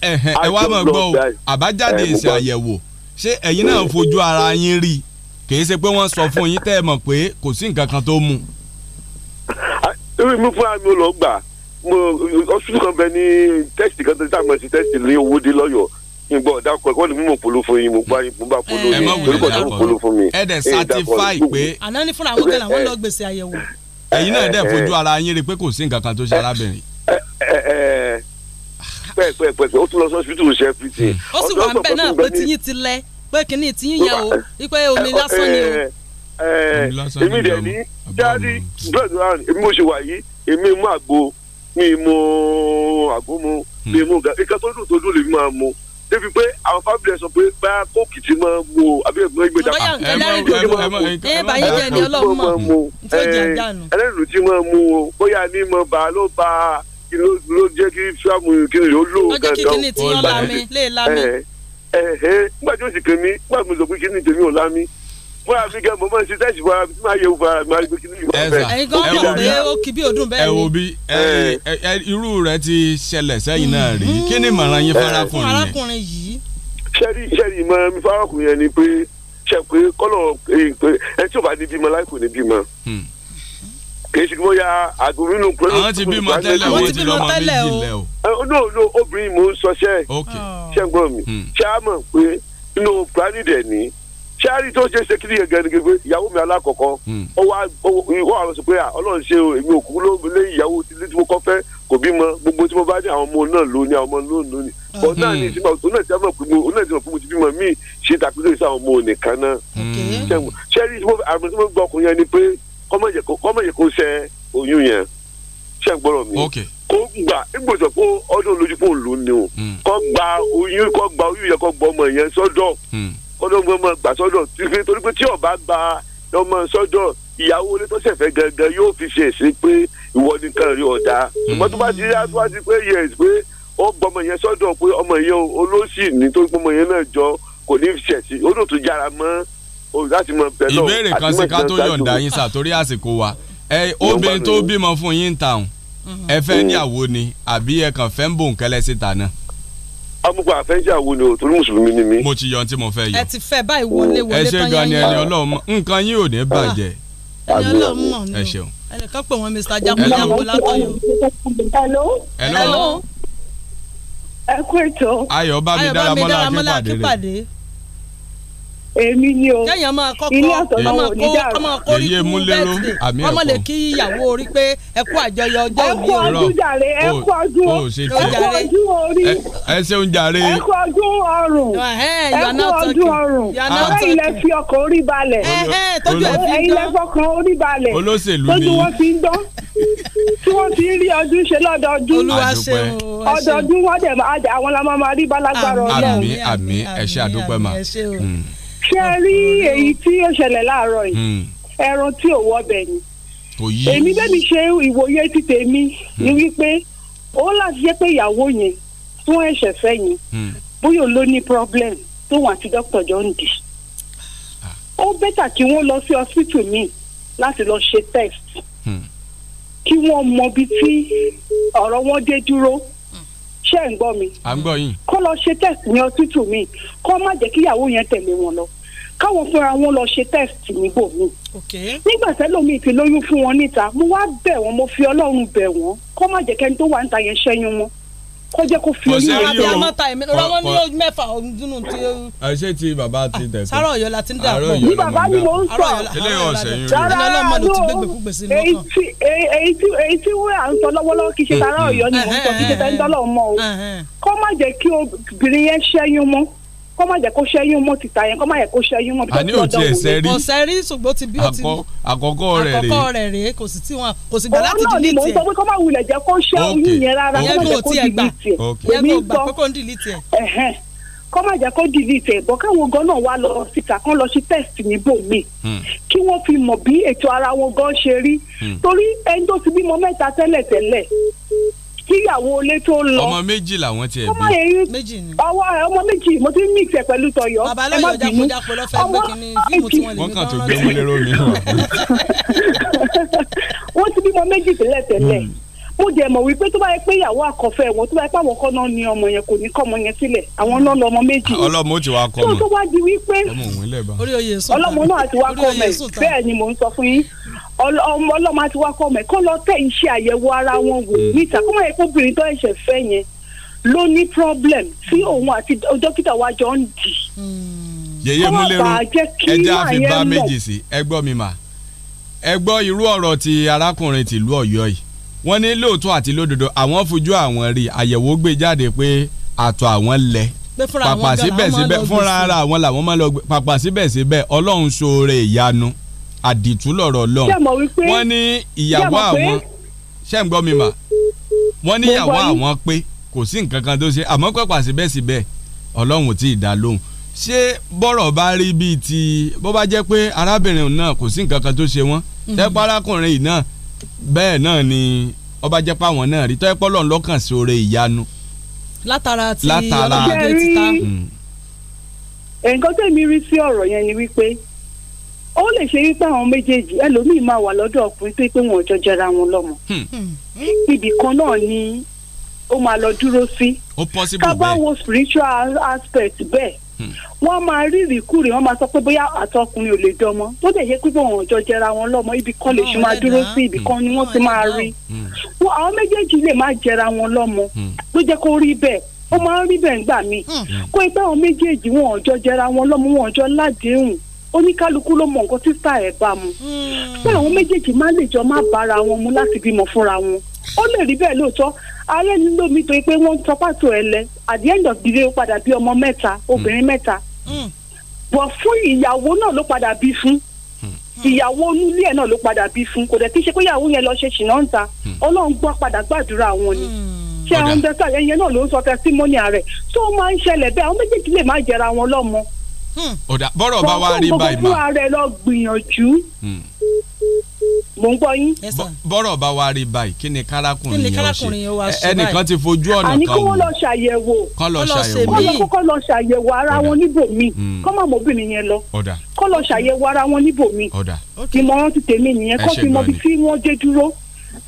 ẹ wá mọ̀ gbọ́ o àbájáde èsì àyẹ̀wò ṣé ẹ̀yin náà fojú ara yín rí kì í ṣe pé wọ́n sọ fún yín tẹ́ ẹ mọ̀ pé kò sí nǹkan kan tó mú. irú mi fúnra mi ò lọ gbà mo hospital kan bẹ ní test kan tó ti àmọ̀ sí test ní owó dé lọ́yọ̀ọ́ ìgbọ́ ọ̀dà kọ ẹ̀kọ́ ni mímọ̀ polo fún yín mo bá mo bá polo yín orúkọ tó polo fún mi. ẹ dẹ̀ certify pé. àná ní fúnra àwọn kẹlẹ àwọn lọ gbèsè àyẹ̀wò. ẹ̀yin náà dẹ̀ fojú ara yín rí pé kò sí nǹkan kan tó ṣe arábìnrin pẹ́ẹ́pẹ́ẹ́pẹ́ ó tún lọ sí hospital ṣe everything. Hmm. ó sì wà bẹ́ẹ̀ náà pé tiyín ti lẹ pé kínní tiyín yà o wípé omi lásán ni o. èmi dẹ̀ ní dáadé bẹ́ẹ̀ náà èmi mo ṣe wà yìí èmi mú àgbo mi mú àgbo mu hmm. mi mú ga ìka tó dùn tó dùn lèmi máa mu débi pé àwọn fábílẹ̀ sọ pé bá kóòkì tí máa mu o àbí ẹ̀gbọ́n ìgbé dàpọ̀. bóyá ẹlẹ́rìí tó ti máa mu ẹ báyìí jẹ́ ni ọlọ́run mọ̀ tó jẹ́ àdánù. ẹlẹ́rìí máa mu o bóyá ní mo bá ló bá a kí ló jẹ́ kí fíàmù kiri yóò lò gàdán. ló jẹ́ kí kíni tí yán lami lè lami. ẹ ẹ nígbà tí ó sì kèmí nígbà tí mo sọ pé kíni tèmi ò lami fún àfikẹ́ mo máa ń ṣe tẹ́sí fún àfikẹ́ máa yẹ òfò àmì àgbẹ̀ kí ni ìwà bẹ́ẹ̀. ẹ̀yin kan mọ̀ pé ó kì bí ọdún bẹ́ẹ̀ ni. ẹ wo bí irú rẹ ti ṣẹlẹ̀ sẹ́yìn náà rí mm-hmm. kí ni ìmọ̀ràn yín fárákùnrin eh. yìí. sẹ́rí sẹ́rí ìmọ̀ràn mi fárákùnrin yẹn ni pé ṣe pé kọ́lọ̀ eh, ẹ tí ò bá ní bímọ láì ní bímọ. Hmm kìí ṣe bóyá àgùnrínú pẹ̀lú. àwọn ti bímọ tẹ́lẹ̀ wọ́n ti bímọ tẹ́lẹ̀ o. Oh, no no obìnrin mò ń sọ ṣẹ́ mi hmm. ṣé pé inú kúránì dẹ̀ ní ṣé tó ṣe ṣe kí ìyàwó mi alákọ̀ọ́kọ́ hmm. ó wá ìwọ àwọn sọ pé ọlọ́run ṣe èmi òkú ló lé ìyàwó tí mo kọ́ fẹ́ kò bímọ gbogbo tí mo bá ní àwọn ọmọ náà lónìí àwọn ọmọ náà lónìí hmm. bọ́n náà ní ìsinmi àwọn tó náà ti mọ̀ náà ti mọ̀ pé mo ti bímọ míì ṣe takùdé sí àwọn ọmọ nìkan náà ṣé tí mo gbọ́ ọkùnrin yẹn ni pé kọ́mọ̀jẹ̀ kó ṣe oyún yẹn ṣe ń gbọ́dọ̀ mi kó gbà ìgbésẹ̀ kó ọdún lójú kó lò ní o hmm. kó gba oyún kó gba oyún yẹn kó gbọ́ ọmọ yẹn sọ́dọ̀ hmm. kọ́dọ̀ gbọ́mọ gbà sọ́dọ̀ torí pé tí ó bá gba ọmọ sọ́dọ̀ ìyàwó ilé tó ṣẹ̀fẹ̀ gangan yóò fi ṣe èsì pé ìwọ nìkan rí ọ̀dà hmm. ṣùgbọ́n tó bá ti yá tó bá ti pé yes pé ó gbọmọ yẹn sọ́dọ̀ pé ọmọ yẹn olóṣì ní tó gbọmọ yẹn náà jọ kò ní ṣẹ̀sì ó dòtú jára mọ́ láti mọ bẹ́ẹ̀ lọ. ìbéèrè kan sí ká tó yọ̀ǹda yín sà torí àsìkò wa obìnrin tó bímọ fún yín tàn mm-hmm. ẹ fẹ́ mm. níyàwó ni àbí ẹ kàn fẹ́ ń bò ń kẹ́lẹ́ síta náà amúgbó àfẹ́jáwó ni o torí mùsùlùmí ni mí. mo ti yan tí mo fẹ́ yọ. ẹ ti fẹ́ báyìí wọlé wọlé tán yẹn yẹn. ẹ ṣe gan ni ẹni Ọlọ́run mọ nǹkan yín ò ní ah, bàjẹ́. ẹni Ọlọ́run mọ o ẹ ṣeun. ẹnìkan pè wọn Mr. jagunjagun látọyọ. ẹ kú ètò. Ayọ̀ Bámidára Mọ́lá akínpàdé rẹ̀ èmi ni o kéèyàn máa kọ́kọ́ ọmọ kó ọmọ kó rí kú bẹ́ẹ̀tì ọmọ lè kí ìyàwó orí pé ẹ àjọyọ̀ ọjọ́ òní o. ẹ kú ọdún orí ẹ ṣeun jàre ẹ ọdún ọrùn ẹ ọdún ọrùn ọ̀rẹ́ ilẹ̀ fi ọkàn orí balẹ̀ ẹ̀yin lẹ fọkàn orí balẹ̀ olóṣèlú ni tójú wọn fi ń dán tí wọ́n ti rí ọdún ṣe lọ́dọọdún ọdọọdún wọ́n dẹ̀ àwọn la máa rí bá lágbára ọlọ́run. àmín àmín àdúpẹ́ mà ṣé ẹ rí èyí tí ó ṣẹlẹ̀ láàárọ̀ yìí hmm. ẹran tí ò wọ́ bẹ̀ ni èmi bẹ́mi ṣe ìwòye ti tèmi ni hmm. wípé ó láti jẹ́ pé ìyàwó yẹn tó ẹ̀ṣẹ̀ fẹ́ yẹn hmm. bóyá ló ní problem tóun àti dókítà jọ ń dì ah. ó bẹ́tà kí wọ́n lọ sí hospital míì láti lọ ṣe test kí wọ́n mọ ibi tí ọ̀rọ̀ wọn dé dúró ṣé ń gbọ́ mi kó lọ ṣe test ní hospital míì kó má jẹ́ kíyàwó yẹn tẹ̀lé wọn lọ káwọn fúnra wọn lọ ṣe test níbò mi. nígbà tẹ́lómi ti lóyún fún wọn níta mo wá bẹ̀ wọ́n mo fi ọlọ́run bẹ̀ wọ́n kó má jẹ́ kẹ́ni tó wà níta yẹn ṣẹ́yún wọn kó jẹ́ kó fi oyún yẹn bẹ̀ wọ́n. ọ̀rọ̀ ní ojú mẹ́fà ọ̀dúnnù tí. àṣé ti bàbá ti dẹ̀ fún. sáró ọ̀yọ́ la ti ń dàpọ̀. ní bàbá ni mo ń sọ. ilé ọ̀sẹ̀ yìí. rárá ló èyí tí wọ́n à ń sọ lọ́wọ́lọ́wọ́ kì í ṣe tara ọ̀yọ́ ni mo ń sọ kì í ṣe tẹ́ńtọ́lọ́ mọ́ o kó má jẹ́ kí obìnrin yẹn ṣẹ́yún mọ́ kọ́ má jẹ́ kó ṣẹ́yún mọ́ títa yẹn kọ́ má jẹ́ kó ṣẹ́yún mọ́. àní ò tiẹ̀ sẹ́ rí ọ̀sẹ̀ rí ṣùgbọ́n ti bí o ti àkọ́kọ́ rẹ̀ rèé àkọ́kọ́ rẹ̀ rèé kò sì tí wọn kò sì gbà láti dìlítì ẹ̀. òun náà ni mò ń sọ pé kọ́ má wulẹ̀ jẹ́ kó ṣẹ́ oyún yẹn rárá kọ́ má jẹ́ kó dìlítì ẹ̀. ìyẹn kò gbà pé kò ń dìlítì jẹ́ kó delete ẹ̀ bọ́ káwọn gan náà wá lọ síta kán lọ sí test níbò míì hmm. kí wọ́n fi mọ̀ bí ètò ara kíyàwó ilé tó lọ. ọmọ méjì làwọn tiẹ̀ bí. méjì ni. ọwọ́ ọmọ méjì mo ti ń mix ẹ̀ pẹ̀lú tọyọ. babalọ́yọ̀ jákòjákò lọ́fẹ̀ẹ́ gbé kínní fíìmù kàn tó gbé mú lérò mi. ti bímọ méjì tẹ́lẹ̀ tẹ́lẹ̀ hmm ó jẹ́ mọ̀ wípé tó bá yẹ pé ìyàwó àkọ́fẹ́ wọn tó bá yẹ pé àwọn kọ́ náà ni ọmọ yẹn kò ní kọ́ ọmọ yẹn sílẹ̀ àwọn náà lọ́mọ méjì. Ah, ọlọ́mọ ó ti wá kọ́ mọ̀ tó wá di wípé ọlọ́mọ náà ti wá kọ́ mẹ̀ bẹ́ẹ̀ ni mò ń sọ fún yín ọlọ́mọ ti wá kọ́ mẹ̀ kọ́ lọ tẹ iṣẹ́ àyẹ̀wò ara wọn wò mm. níta kó má yẹ kó obìnrin tó ẹ̀ṣẹ̀ fẹ́ yẹn ló ní problem tí òun àti dókítà wa jọ ń dì. Hmm. yèyé múlẹ́rù ẹja àfi bá méjì sí ẹ gbọ́ mi mà ẹ gbọ́ irú ọ̀rọ̀ ti arákùnrin tìlú Ọ̀yọ́ yìí wọ́n ní lóòótọ́ àti lódodo àwọn fojú àwọn rí àyẹ̀wò gbé jáde pé àtọ̀ àwọn lẹ̀ pàpà síbẹ̀síbẹ̀ fúnra ara àwọn làwọn máa lọ gbé pàpà síbẹ̀síbẹ̀ ọlọ́run ṣoore ìyanu àdìtú lọ̀rọ̀ ọlọ́run wọ́n ní ìyàwó àwọn ṣẹ́ ń gbọ́ mi mà wọ́n ní ìyàwó àwọn pé kò sí nǹkan kan tó ṣe àmọ́ pàpà síbẹ̀síbẹ̀ ọlọ́run ò tí ì dá lóhùn ṣé bọ́rọ̀ bá rí bíi ti bó bá jẹ́ pé arábìnrin náà kò sí nǹkan kan tó ṣe wọ́n mm-hmm. tẹ́pọ̀ arákùnrin yìí náà bẹ́ẹ̀ náà ni ọba jẹ́ páwọn náà rí tọ́ ẹ́ pọ́lọ́ lọ́kàn sí oore ìyanu. látara ti ọlọ́dẹ títa. Mm. nǹkan tẹ̀mí rí sí ọ̀rọ̀ yẹn ni wípé ó lè ṣe wípé àwọn méjèèjì ẹlòmíì máa wà lọ́dọ̀ ọkùnrin tó pé wọn jọ jẹra wọn lọ́mọ. Hmm. Hmm. ibì kan náà ni ó máa lọ dúró sí. ó possible bẹ́ẹ̀ ká bá wo spiritual aspect bẹ́ẹ̀ wọ́n máa rí ìrìkúrè wọ́n máa sọ pé bóyá àtọkùnrin ò lè dọmọ tó dẹ̀ yẹ pé wọn jọ jẹra wọn lọ́mọ ibì kan lè ṣe máa dúró sí ibì kan ni wọ́n ti máa rí hmm. wọn àwọn méjèèjì lè má jẹra wọn lọ́mọ hmm. ló jẹ́ kó rí bẹ́ẹ̀ ó máa ń rí bẹ́ẹ̀ ńgbà míì hmm. kó ipá àwọn méjèèjì wọn jọ jẹra wọn lọ́mọ wọn jọ ládéhùn oníkálukú ló mọ nǹkan sísá ẹ̀ bá mu pé àwọn méjèèjì má lè jọ má bára wọn mu láti bímọ fúnra wọn ó lè rí bẹ́ẹ̀ lóòótọ́ alẹ́ nílò mi torí pé wọ́n sọ pàtó ẹ lẹ at the end of the day ó padà bí ọmọ mẹ́ta obìnrin mẹ́ta hmm. bọ̀ fún ìyàwó náà ló padà bí fún hmm. ìyàwó onílé ẹ̀ náà ló padà bí fún kò dẹ̀ kí ṣe pé ìyàwó yẹn lọ ṣe ṣìnà ń ta hmm. ọlọ́run gbọ́ padà gbàdúrà wọn ni ṣé àwọn ọ̀dẹ́sà ẹ̀yẹn náà ló ń sọ testimony rẹ̀ tó máa ń ṣẹlẹ̀ bẹ́ẹ̀ àwọn méjèèjì lè má jẹra wọn lọ́mọ Hmm. ọ̀dà bọ́rọ̀ bá wá rí báyìí mà. mo fún lọ gbìyànjú. Hmm. mo ń gbọ́ yín. bọ́rọ̀ bá wá rí báyìí kí ni kárákùnrin yẹn ó ṣe ẹnìkan ti fojú ọ̀nà kan wò. àní kí lọ ṣàyẹ̀wò. kọ́ hmm. lọ ṣàyẹ̀wò. ara wọn níbòmí. kọ́ máa mọ obìnrin yẹn lọ. kọ́ lọ ṣàyẹ̀wò ara wọn níbòmí. ìmọ̀ràn ti tèmi nìyẹn kọ́ fi mọ ibi tí wọ́n dé dúró.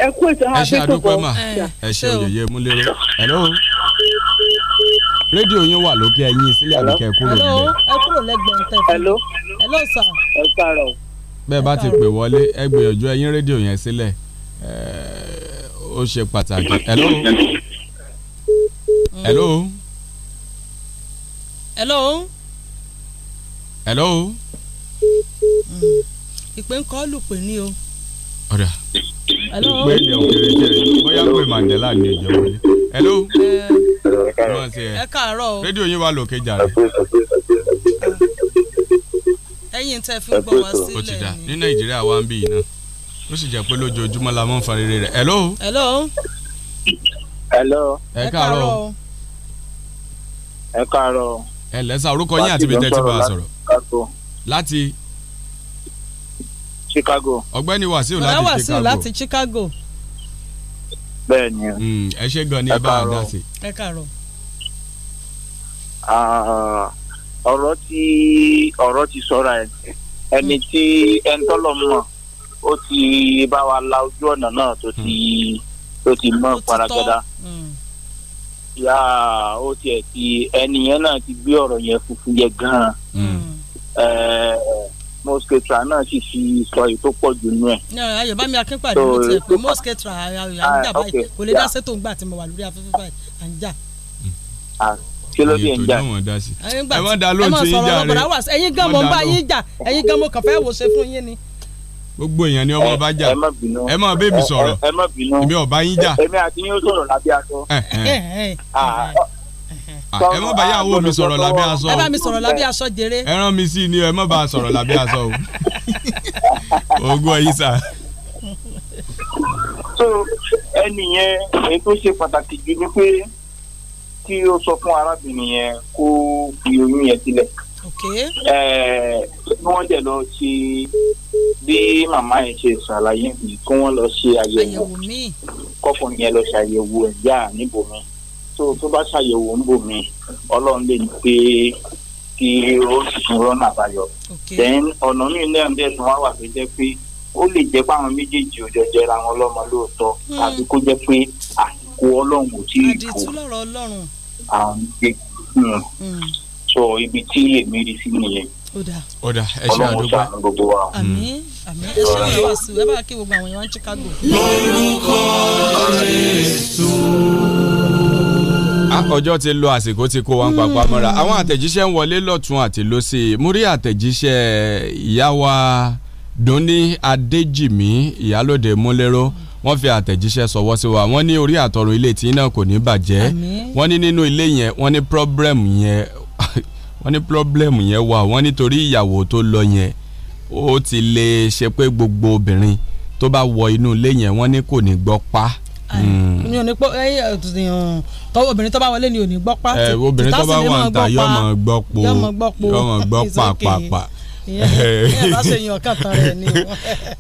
ẹ kú ètò àwọn abẹ́tò rédíò yín wà lókè ẹ̀yin sílẹ̀ àbíkẹ́ kúrò níbẹ̀. ẹ kúrò lẹ́gbẹ̀ẹ́ tẹ̀ fún mi. hello sir. ẹ káàárọ̀. bẹ́ẹ̀ bá ti pè wọlé ẹ gbìyànjú ẹ̀yin rédíò yẹn sílẹ̀ ó ṣe pàtàkì. hello. hello. hello. hello. Hmm. ìpè ń kọ́ lùpè ní o. ọ̀dà ìpè ilẹ̀ òkèrè jẹ́ bóyá pé Mandela ní ìjọba yìí. hello. hello? Uh, ẹ káàárọ̀ o rédíò yín wà lókè jàre. ẹ̀yin tẹ́ fi gbọ́ wá sílẹ̀ ni. ó ti dà ní nàìjíríà wa ń bí yìí náà ó sì pé la máa ń ẹ Chicago. wàsíù láti Chicago. wàsíù láti Chicago. bẹ́ẹ̀ hmm, ni. ẹ ṣe gan ni ẹ bá a dá sí. ẹ káàárọ̀. Ah, ọ̀rọ̀ tí ọ̀rọ̀ ti sọ̀rọ̀ ẹ̀ ẹni hmm. tí ẹni tọ́lọ̀ mọ̀ ó ti bá wa la ojú ọ̀nà náà tó ti hmm. tó ti mọ̀ paragada. yà ó tiẹ̀ ti ẹni yẹn náà ti gbé ọ̀rọ̀ yẹn funfun yẹ gan-an. Eh, mosketra náà sì fi sọ èyí tó pọ̀ jù nú ẹ̀. ayọ̀bámi akínpàdé ló ti ẹ̀ pé mosketra àyànjà báyìí ah, kò lè dá sétò ńgbà tí mo wà lórí afẹ́fẹ́ báyìí à ń jà kí ló dé ń jà ẹ má da lóòótọ́ yín jà rẹ ẹ̀yin gan mo ń bá yín jà ẹ̀yin gan mo kàn fẹ́ wò ṣe fún yín ni. gbogbo èèyàn ni ọmọ bá jà ẹ má bẹ́ẹ̀ mi sọ̀rọ̀ èmi ọ̀bá yín jà. èmi àti yín ó sọ̀rọ̀ lábẹ́ aṣọ. Ah, ẹ má bá yàwó mi sọ̀rọ̀ ah, lábẹ́ aṣọ o ẹ bá mi sọ̀rọ̀ lábẹ́ aṣọ jèrè ẹ rán mi sí ni ẹ má bá a sọ̀rọ̀ lábẹ́ aṣọ o ogún ẹyí sà. so ẹnì yẹn èyí tó ṣe pàtàkì jù ni pé kí o sọ fún arábìnrin yẹn kó fi oyún yẹn sílẹ̀ kí wọ́n dẹ̀ lọ ṣe bí màmá yẹn ṣe ṣàlàyé yìí kí wọ́n lọ ṣe àyẹ̀wò kọ́kùnrin yẹn lọ ṣàyẹ̀wò ẹ̀yà níbòmí tó tó bá ṣàyẹ̀wò ń bò mí ọlọ́run lè ní pé kí ó sùn rọ́nà àbáyọ. then ọ̀nà mi náà bẹ́ẹ̀ tó wá wà tó jẹ́ pé ó lè jẹ́ pé àwọn méjèèjì ò jọ jẹra wọn lọ́mọ lóòótọ́ hmm. tàbí kó jẹ́ pé àsìkò ọlọ́run ò tí ì tó àwọn méjèèjì hmm. hmm. sọ ibi tí èmi rí sí nìyẹn ó dà ẹ ṣe àdúgbò àmín àmín àwọn gbogbo àwọn lórúkọ Jésù ọjọ́ ti lo àsìkò ti kó wa ń papá àwọn àtẹ̀jíṣẹ́ ń wọlé lọ́tún àti lọ́sẹ̀ mo rí àtẹ̀jíṣẹ́ ìyá dunni adéjìmí ìyálòdè múlẹ́rọ́ wọ́n fi àtẹ̀jíṣẹ́ sọ̀wọ́ sí wa wọ́n ní orí àtọ̀run ilé tí náà kò ní bàjẹ́ wọ́n ní nínú ilé yẹn wọ́n ní problem yẹn wọ́n ní problem yẹn wà wọ́n nítorí ìyàwó tó lọ yẹn ó ti lè ṣe pé gbogbo obìnrin tó bá wọ inú ilé yẹn wọ́n ní kò ní gbọ́ pa Hmm. mi ò ní pọ obìnrin tó bá wọlé ni ò ní gbọ́ pa obìnrin tó bá wà ń ta yọ mọ gbọ́ po yọ mọ gbọ́ pa pa pa.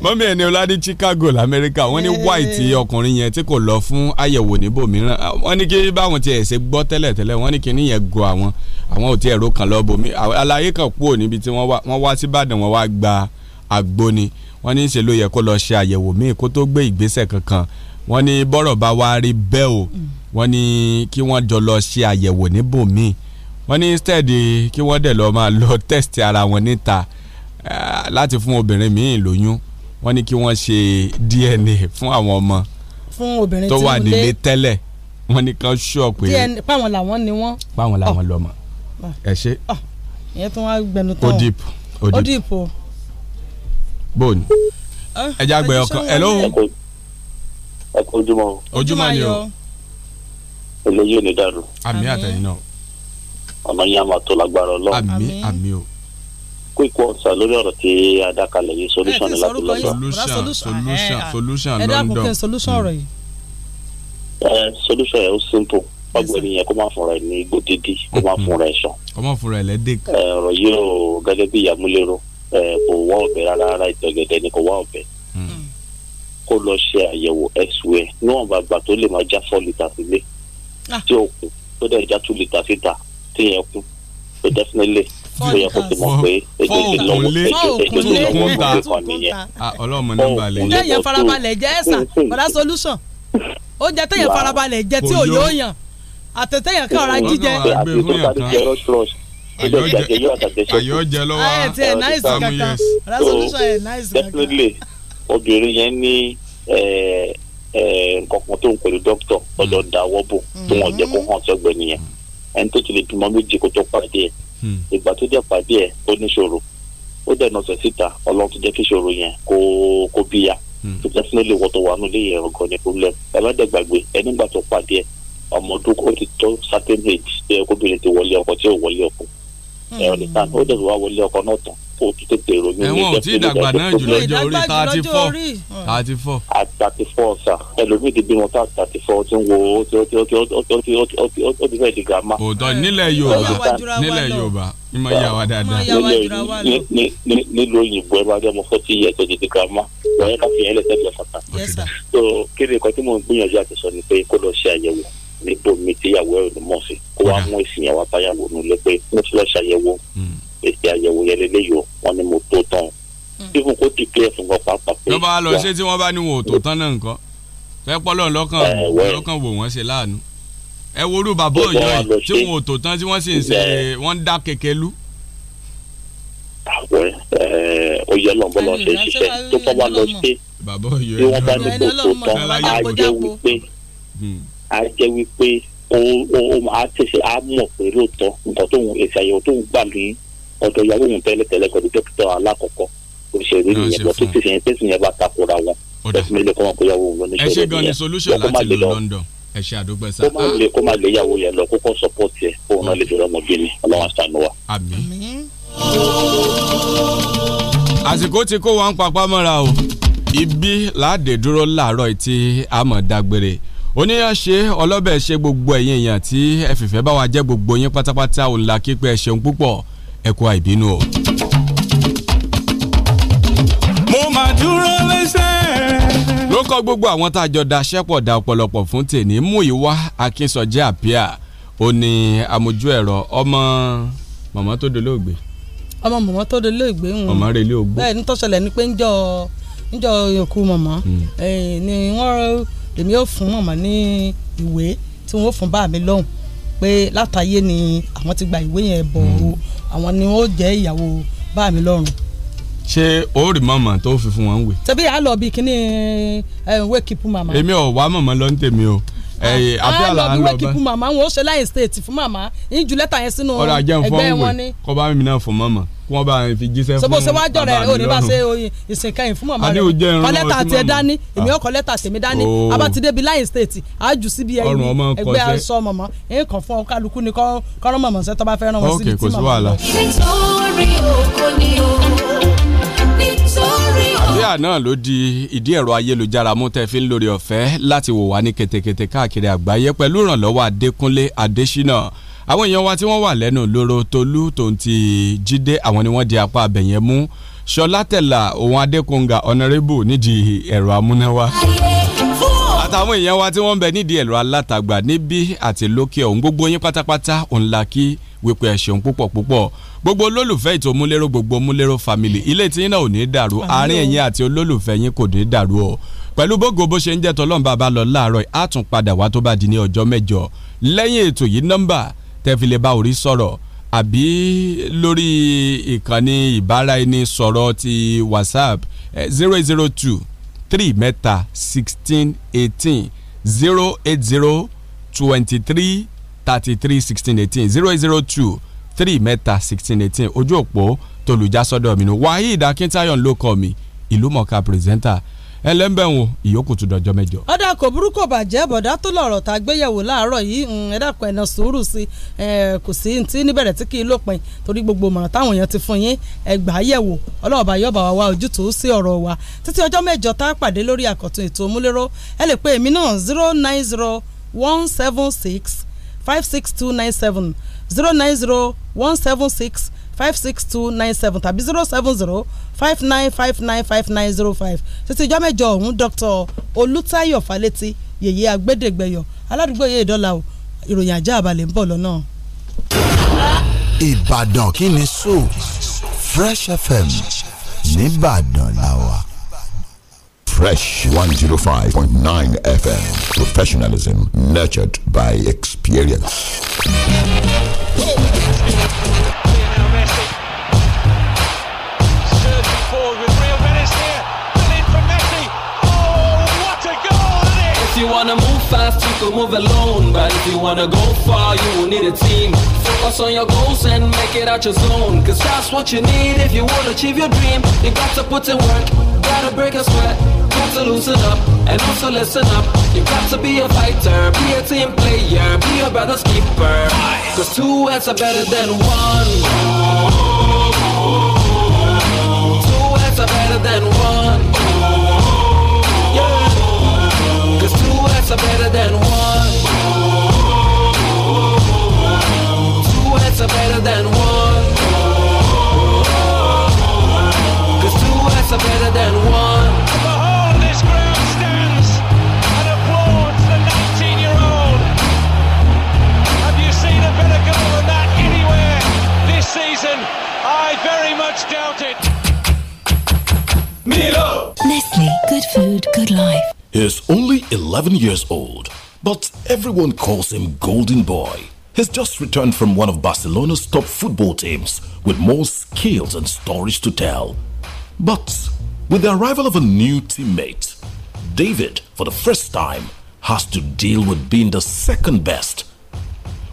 mọ́mí ẹni ọlá ní Chicago lamẹ́ríkà wọ́n ní white ọkùnrin yẹn tí kò lọ fún àyẹ̀wò níbòmíràn ah, wọ́n ní kí báwọn tiẹ̀ ṣe gbọ́ tẹ́lẹ̀ tẹ́lẹ̀ wọ́n ní kí ní yẹn gọ àwọn àwọn ò tí ẹ̀rọ kan lọ bomi aláyé kan kúrò níbi tí wọ́n wá wọ́n wá sí Ìbàdàn wọ́n wá gba àgbo ni wọ́n ní í ṣe ló yẹ kó lọ ṣe àyẹ̀wò míì kó tó gbé ìgbésẹ̀ kankan wọ́n ní bọ́rọ̀ bá wa rí bẹ́ẹ̀ o mm. wọ́n ní kí wọ́n jọ lọ ṣe àyẹ̀wò níbòmíì wọ́n ní instead kí wọ́n dẹ̀ lọ máa lọ test ara wọn níta eh, láti fún obìnrin míì lóyún wọ́n ní kí wọ́n ṣe DNA fún àwọn ọmọ tó wà nílé tẹ́lẹ̀ wọ́n ní kan sọ pé DNA páwọn làwọn ni wọ́n páwọn làwọn ah. lọ́mọ ah. ẹ ṣe. Ah. ìyẹn tó wá gbẹnu tán odip odip bone ẹ jágbe ọkàn hello ẹ kú ni o. eléyìí ò ní dàrú. àmì àtẹ̀yìn náà. ọ̀nà yẹn a máa lágbára ọlọ́run. àmì àmì o. quick answer lórí ọ̀rọ̀ tí adákalẹ̀ yìí solution láti lọ sọ. solution solution solution london. ẹ solution ọ̀rọ̀ yìí. ẹ solution yẹn ó simple ọgbọ ènìyàn kó máa fúnra ẹ ní igbó kó máa fúnra ẹ sàn. kó máa fúnra ẹ lẹ́dẹ̀k. yìí ò gẹ́gẹ́ bí ìyàmúlérò kò wá ọ̀bẹ rárá ìtọ̀gẹ̀dẹ̀ ni kò wá ọ̀bẹ. Mm kó lọ ṣe àyẹ̀wò x-ray níwọ̀n bàgbà tó lè máa já four litre sílé ah. tí ó kù tó dẹ̀ já two litre síta tí yẹn kù so definitely ó yẹ kó ti mọ̀ pé ètò ìlọ́wọ́ ètò ìlọ́wọ́ kò kàn nìyẹn. Ah, ọlọ́mọ náà balẹ̀ jẹ́ ìyẹn farabalẹ̀ jẹ́ ẹ̀sà hmm, hmm. bọ̀dá solution ó jẹ́ téèyàn farabalẹ̀ jẹ́ tí òye hmm, ó yàn àtẹ̀tẹ̀yàn kan ọ̀rá jíjẹ. àti tó sáré jẹ́ rush rush àyọ̀jẹ̀ lọ́wọ́ ah, àmúyẹ̀sì. definitely obìnrin yẹn ní nǹkan kan tó ń pẹ̀lú dókítà hmm. ọ̀dọ̀ dáwọ́ bò tó wọn jẹ́ kó hmm. hàn sọ́gbẹ́ nìyẹn ẹni tó ti lè bímọ méjì kó tó pàdé ẹ̀ hmm. ìgbà tó dẹ̀ pàdé ẹ̀ ó níṣòro ó dẹ̀ nọ̀sẹ̀ síta ọlọ́run tó jẹ́ kí ìṣòro yẹn kó kó bíya tó jẹ́ sínú ilé wọ́tọ̀ wà nílé yẹn ọ̀gọ́ ní problem ẹlẹ́dẹ̀gbàgbé ẹni gbà tó pàdé ẹ̀ ọmọ ọdún ó ti tó certain kò tètè ròyìn ní ẹ̀wọ̀n tí ìdàgbà náà jù lọ́jọ́ orí thirty four thirty four. at thirty four sa ẹlòmíì ti bímọ tá thirty four ti ń wo ó ti ó ti ó ti ó ti fẹ́ẹ́ di gàmá. òótọ́ nílẹ̀ Yorùbá nílẹ̀ Yorùbá ni mo yà wá dáadáa. nílùú òyìnbó ẹ máa jẹ́ ọmọ forty years tó ti di gàmá wọ́n yẹ ká fi yẹn lẹ́sẹ̀ bí ọ̀sán kan. so kí ni nǹkan tí mo ń gbìyànjú àti sọ ni pé kó lọ ṣe àyẹ̀wò níbo mi tíyàwó ẹ̀rọ ni mọ̀ sí kó èsì àyẹ̀wò yẹn lélẹ́yìí o wọ́n ní mo tó tán tí hmm. fún kó ti clear fún wọn pàápàá pé. ló bá lọ ṣé tí wọ́n bá ní wọn ò tó tán náà nǹkan fẹ́ pọ́lọ́ lọ́kàn eh, lọ́kàn wò wọ́n ṣe láàánú ẹ worú bàbá òyìn yìí tí wọn ò tó tán tí wọ́n sì ń ṣe eh. wọ́n ń dá kẹ̀kẹ́ lú. àwọn eh, ó yẹ lọ bọ́lọ̀ ṣe ṣiṣẹ́ tó bá wà lọ sí tí wọ́n bá ní kó tó tán á jẹ́ wípé á hmm. jẹ́ wípé ó á tẹ̀sẹ̀ á mọ̀ pé lóòótọ́ nǹkan tóun èsì àyẹ̀wò tóun gbà lóyún ọ̀dọ̀ ìyàwó òun tẹ́lẹ̀tẹ́lẹ̀ pẹ̀lú dókítà alákọ̀ọ́kọ́ òṣèré nìyẹn ah, bọ́ tó ti sìn tẹ́sí yẹn bá takora wọn bẹ́ẹ̀ mi lè kọ́ wọn kó yàwó òun lóníṣẹ́ rẹ̀ nìyẹn ẹ ṣe àdúgbò sá. kó má ah. lè kó má lè yàwó yẹn lọ kó kọ́ sọpọ́ọ̀tì ẹ̀ kó náà lè dọ̀rọ̀ ọmọdé ni ọlọ́wọ́n sànú wa. àmín. àsìkò tí kó wọn papá mọ́ra o ibi láàdè dúró láàárọ̀ tí a mọ̀ dágbére oníyànṣe ọlọ́bẹ̀ ṣe gbogbo ẹ̀yin èèyàn tí ẹ fìfẹ́ bá wa jẹ́ gbogbo yín pátápátá òun la kí pé ẹ ṣeun púpọ̀ ẹ àìbínú o. mo máa dúró lẹ́sẹ̀. ló kọ́ gbogbo àwọn tá a jọ daṣẹ́ pọ̀ da ọ̀pọ̀lọpọ̀ fún tèmi mú ìwá akínsọjí àpíà ó ní amójú ẹ̀rọ ọmọ màmá tó dolóògbé. ọmọ màmá tó dolóògbé ń wọn màmá relé ogbó. bẹ́ẹ̀ ní tó ṣẹlẹ̀ ni pé ń jọ ń jọ òkú màmá hmm. ni wọ́n èmi yóò fún màmá ní ìwé tí wọ́n fún bá mi lóhùn pé látàyé ni àwọn ti gba ìwé yẹn bọ̀ o àwọn ni ó jẹ́ ìyàwó bá mi lọ́rùn ṣe orí mọ̀mọ́ tó fi fún wọn wè. tẹ̀bí a lọ bí kíní wake up mama. èmi ò wá mọ̀mọ́ ah, ah, lọ ń tèmi o. a lọ bí wake up mama wọn ó ṣe láyé state fún mama ìjù lẹ́tà yẹn sínú ẹgbẹ́ wọn ni. ọ̀rọ̀ ajẹ́ ń fọ́n wè kọ́ bá mi náà fún mọ̀mọ́ wọn bá fi jíṣẹ́ fún bàbá mi lọ́rùn. sọ bó ṣe wá jọ̀rọ̀ ẹ̀ o ní bá ṣe ìsìnkẹ́yìn fún màmá rẹ̀ kọ́lẹ́tà tiẹ̀ dání èmi ò kọ́lẹ́tà tèmi dání abatide bi láyé stéètì àjù síbi ẹ̀yìn ẹgbẹ́ aṣọ mọ̀mọ́ èyí kan fún kálukú ni kọ́rọ́ mọ̀mọ́ sẹ́tọ́ bá fẹ́ràn wọn síbi tí mọ̀mọ́ lọ. ìyá náà ló di ìdí ẹ̀rọ ayélujára mú tẹ́ fi ń lórí ọ̀fẹ́ láti wò wá ní ketekete káàkiri àgbáyé pẹ̀lú ìrànlọ́wọ́ Adékúnlé Adésínà àwọn èèyàn wa tí wọ́n wà lẹ́nu lóró tolú tòun ti jíde àwọn ni wọ́n di apá abẹ̀yẹn mú ṣọlá tẹ̀là òun adékọ̀ǹgà ọ̀nàrẹ́bù nídìí ẹ̀rọ amúnáwá àtàwọn èèyàn wa tí wọ́n ń bẹ nídìí ẹ̀rọ alátagbà níbí àti lókè ọ̀hún gbogbo yín pátápátá òun la kí wípé ẹ ṣeun púpọ̀ púpọ̀ gbogbo olólùfẹ́ ètò múlẹ́rọ gbogbo múlẹ́rọ family ilé tí yín náà ò ní dàrú àárín ẹ̀yin àti olólùfẹ́ yín kò ní dàrú o pẹ̀lú bógo bó ṣe ń jẹ́ tọ́lọ́mùbá bá lọ láàárọ̀ á tún tó bá di ní ọjọ́ mẹ́jọ lẹ́yìn ètò yìí nọ́mbà tẹ́fìlẹ̀ bá orí sọ̀rọ̀ àbí lórí ìkànnì ìbáraẹnisọ̀rọ̀ ti WhatsApp eh, zero eight zero two three mẹ́ta sixteen eighteen zero eight zero twenty three thirty three sixteen eighteen zero eight zero two three mẹ́ta sixteen eighteen ojú òpó tolùjásọ́dọ̀ mi nù Waheed Akintayo ló kọ́ mi ìlú mọ̀ọ́ká pírẹsẹ́ńtà ẹlẹ́mbẹ̀wò ìyókù tún dọjọ́ mẹ́jọ. ọ̀dà kò burúkú bàjẹ́ bọ̀dá tó lọ̀rọ̀ tá a gbéyẹ̀wò láàárọ̀ yìí ẹ̀dá kan ẹ̀nà sùúrù sí kò sí ti níbẹ̀rẹ̀ tí kì í lópin torí gbogbo mọ̀ràn táwọn èèyàn ti fún yín ẹgbà yẹ̀wò ọlọ́ọ̀bà yọ̀bà wa ojútùú sí ọ̀rọ̀ wa títí ọjọ́ mẹ́jọ tá a pàdé lórí àkọ́tún ètò òmúléró ẹ lè pe èmi náà zero nine zero one seven six five six two nine seven zero nine zero one seven six five six two nine seven tàbí zero seven zero five nine five nine five nine zero five títí ìjọ́ mẹ́jọ ọ̀hún dr olùtayọ̀ falẹ́tì yèyé agbẹ́dẹ́gbẹ́yọ̀ aládùúgbò yèyé dọ́là o ìròyìn ajá àbálẹ̀ ń bọ̀ lọ́nà. ìbàdàn kí ni so fresh fm nìbàdàn làwà. Fresh one zero oh five point nine FM. Professionalism nurtured by experience. fast, you can move alone. But if you wanna go far, you will need a team. Focus on your goals and make it out your zone. Cause that's what you need if you wanna achieve your dream. You got to put in work, gotta break a sweat. Got to loosen up and also listen up. You got to be a fighter, be a team player, be a brother's keeper. Cause two heads are better than one. Two heads are better than one. heads are better than one. Two heads are better than one. Cause two heads are better than one. The whole this stands and applauds the 19 year old. Have you seen a better goal than that anywhere this season? I very much doubt it. Milo! Nestle, good food, good life. He's only 11 years old, but everyone calls him Golden Boy. He's just returned from one of Barcelona's top football teams with more skills and stories to tell. But with the arrival of a new teammate, David, for the first time, has to deal with being the second best.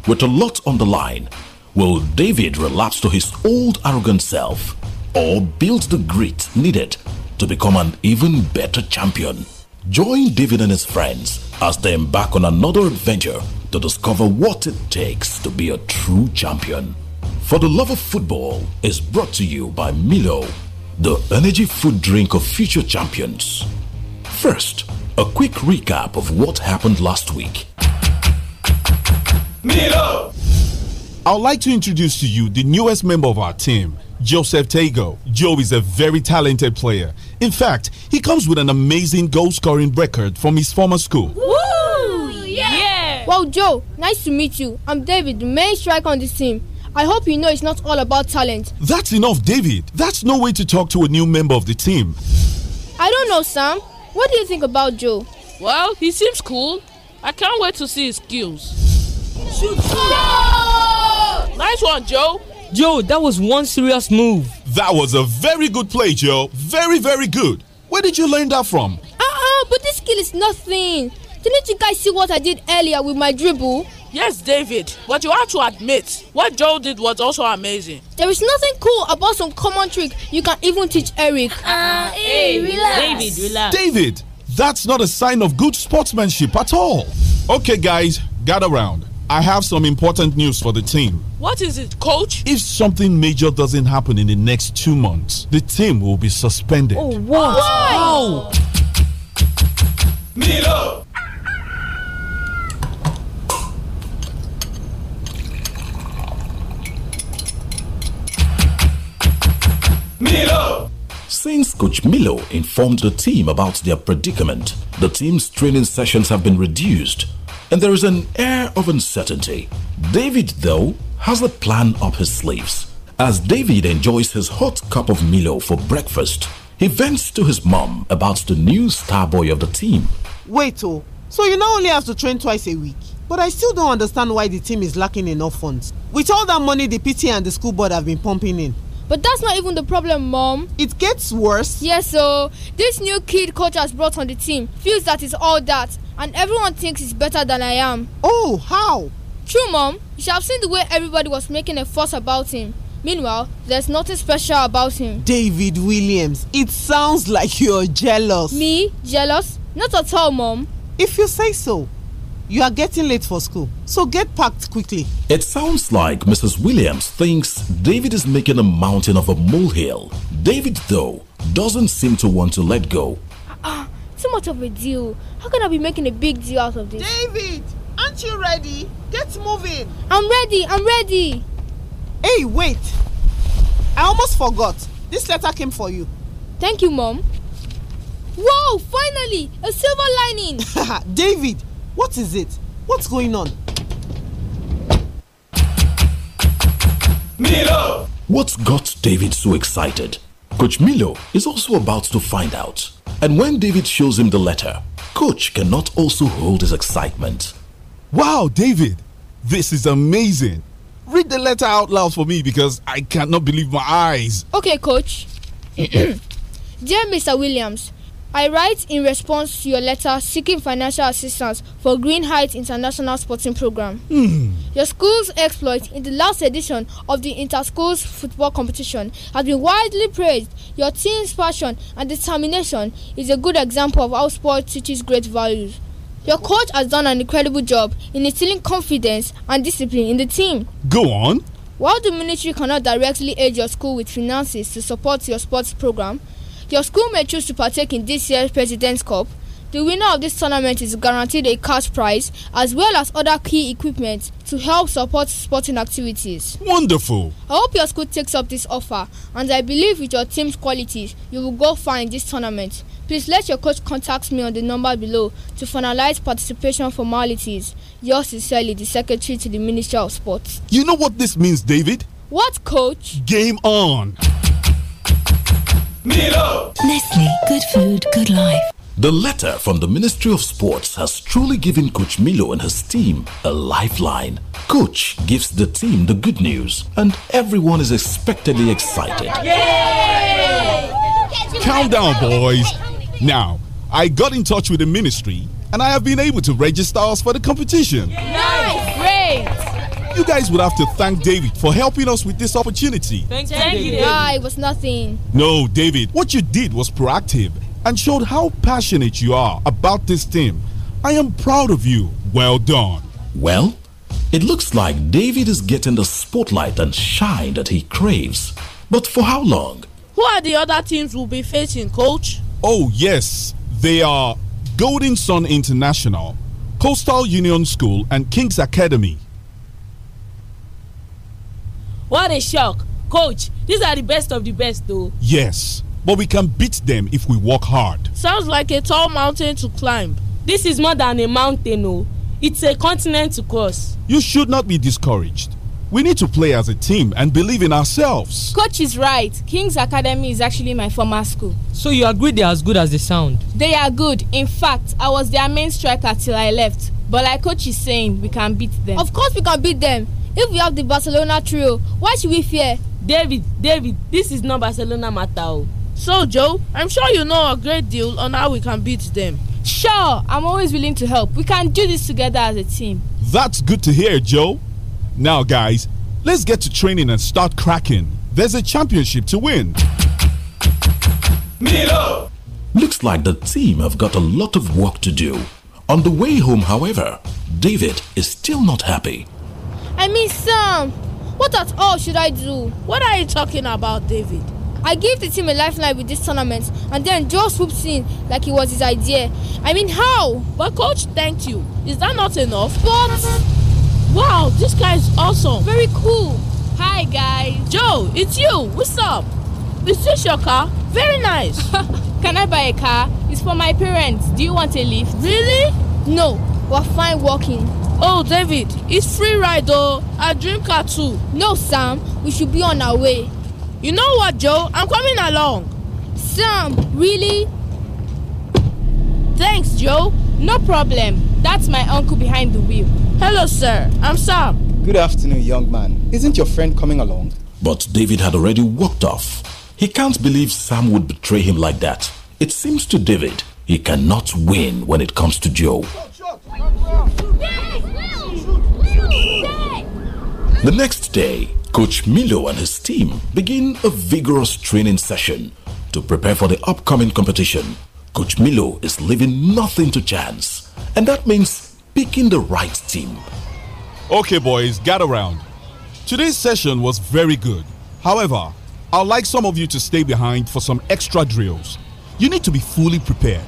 With a lot on the line, will David relapse to his old arrogant self or build the grit needed to become an even better champion? Join David and his friends as they embark on another adventure to discover what it takes to be a true champion. For the Love of Football is brought to you by Milo, the energy food drink of future champions. First, a quick recap of what happened last week. Milo! I would like to introduce to you the newest member of our team. Joseph Tago. Joe is a very talented player. In fact, he comes with an amazing goal scoring record from his former school. Woo! Yeah! yeah. Well, Joe, nice to meet you. I'm David, the main striker on this team. I hope you know it's not all about talent. That's enough, David. That's no way to talk to a new member of the team. I don't know, Sam. What do you think about Joe? Well, he seems cool. I can't wait to see his skills. Shoot! Nice one, Joe. Joe, that was one serious move. That was a very good play, Joe. Very, very good. Where did you learn that from? Uh uh, but this skill is nothing. Didn't you guys see what I did earlier with my dribble? Yes, David, but you have to admit, what Joe did was also amazing. There is nothing cool about some common trick you can even teach Eric. Uh, hey, relax. David, relax. David, that's not a sign of good sportsmanship at all. Okay, guys, gather around. I have some important news for the team. What is it, coach? If something major doesn't happen in the next two months, the team will be suspended. Oh, what? Wow. Milo! Milo! Since Coach Milo informed the team about their predicament, the team's training sessions have been reduced and there is an air of uncertainty. David, though, has a plan up his sleeves. As David enjoys his hot cup of Milo for breakfast, he vents to his mom about the new star boy of the team. Wait, oh, so you now only have to train twice a week. But I still don't understand why the team is lacking enough funds. With all that money the PT and the school board have been pumping in, but that's not even the problem, Mom. It gets worse. Yes, so this new kid coach has brought on the team feels that it's all that, and everyone thinks he's better than I am. Oh, how? True, Mom. You should have seen the way everybody was making a fuss about him. Meanwhile, there's nothing special about him. David Williams, it sounds like you're jealous. Me? Jealous? Not at all, Mom. If you say so you are getting late for school. So get packed quickly. It sounds like Mrs. Williams thinks David is making a mountain of a molehill. David, though, doesn't seem to want to let go. Ah, uh, too much of a deal. How can I be making a big deal out of this? David, aren't you ready? Get moving. I'm ready. I'm ready. Hey, wait. I almost forgot. This letter came for you. Thank you, Mom. Wow, finally! A silver lining! David, what is it? What's going on? Milo! What got David so excited? Coach Milo is also about to find out. And when David shows him the letter, Coach cannot also hold his excitement. Wow, David, this is amazing. Read the letter out loud for me because I cannot believe my eyes. Okay, Coach. Dear Mr. Williams, I write in response to your letter seeking financial assistance for Green Heights International Sporting Program. Mm. Your school's exploit in the last edition of the Interschools Football Competition has been widely praised. Your team's passion and determination is a good example of how sport teaches great values. Your coach has done an incredible job in instilling confidence and discipline in the team. Go on. While the ministry cannot directly aid your school with finances to support your sports program, your school may choose to partake in this year's President's Cup. The winner of this tournament is guaranteed a cash prize as well as other key equipment to help support sporting activities. Wonderful! I hope your school takes up this offer and I believe with your team's qualities you will go far in this tournament. Please let your coach contact me on the number below to finalize participation formalities. Yours sincerely, the Secretary to the Ministry of Sports. You know what this means, David? What, coach? Game on! Milo! Nestle, good food, good life. The letter from the Ministry of Sports has truly given Coach Milo and his team a lifeline. Coach gives the team the good news, and everyone is expectedly excited. Yay! Calm down, boys. Now, I got in touch with the ministry, and I have been able to register us for the competition. Nice! You guys would have to thank David for helping us with this opportunity. Thank, thank you, David. Ah, it was nothing. No, David, what you did was proactive and showed how passionate you are about this team. I am proud of you. Well done. Well, it looks like David is getting the spotlight and shine that he craves. But for how long? Who are the other teams we'll be facing, coach? Oh, yes. They are Golden Sun International, Coastal Union School, and King's Academy. What a shock. Coach, these are the best of the best, though. Yes, but we can beat them if we work hard. Sounds like a tall mountain to climb. This is more than a mountain, oh. It's a continent to cross. You should not be discouraged. We need to play as a team and believe in ourselves. Coach is right. King's Academy is actually my former school. So you agree they're as good as they sound? They are good. In fact, I was their main striker till I left. But like Coach is saying, we can beat them. Of course, we can beat them. If we have the Barcelona trio, why should we fear? David, David, this is not Barcelona matter. Oh. So, Joe, I'm sure you know a great deal on how we can beat them. Sure, I'm always willing to help. We can do this together as a team. That's good to hear, Joe. Now, guys, let's get to training and start cracking. There's a championship to win. Milo! Looks like the team have got a lot of work to do. On the way home, however, David is still not happy. I mean, Sam, what at all should I do? What are you talking about, David? I gave the team a lifeline with this tournament, and then Joe swoops in like it was his idea. I mean, how? But coach, thank you. Is that not enough? But wow, this guy is awesome. Very cool. Hi guys. Joe, it's you. What's up? Is this your car? Very nice. Can I buy a car? It's for my parents. Do you want a lift? Really? No, we're fine walking. Oh, David, it's free ride though. I dream car too. No, Sam, we should be on our way. You know what, Joe? I'm coming along. Sam, really? Thanks, Joe. No problem. That's my uncle behind the wheel. Hello, sir. I'm Sam. Good afternoon, young man. Isn't your friend coming along? But David had already walked off. He can't believe Sam would betray him like that. It seems to David he cannot win when it comes to Joe. The next day, Coach Milo and his team begin a vigorous training session to prepare for the upcoming competition. Coach Milo is leaving nothing to chance, and that means picking the right team. Okay, boys, gather around. Today's session was very good. However, I'd like some of you to stay behind for some extra drills. You need to be fully prepared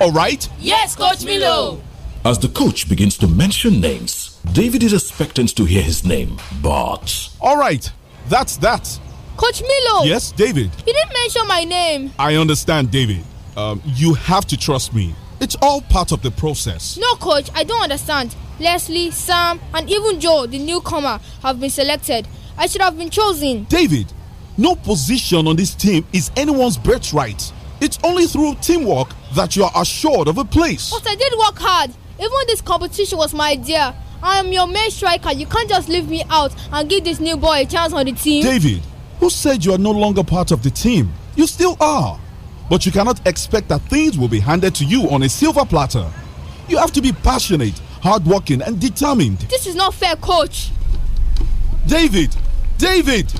all right? Yes, Coach Milo. As the coach begins to mention names, David is expectant to hear his name, but. All right, that's that. Coach Milo. Yes, David. You didn't mention my name. I understand, David. Um, you have to trust me. It's all part of the process. No, coach, I don't understand. Leslie, Sam, and even Joe, the newcomer, have been selected. I should have been chosen. David, no position on this team is anyone's birthright. It's only through teamwork that you are assured of a place. But I did work hard. Even this competition was my idea. I am your main striker. You can't just leave me out and give this new boy a chance on the team. David, who said you are no longer part of the team? You still are. But you cannot expect that things will be handed to you on a silver platter. You have to be passionate, hardworking, and determined. This is not fair, coach. David! David!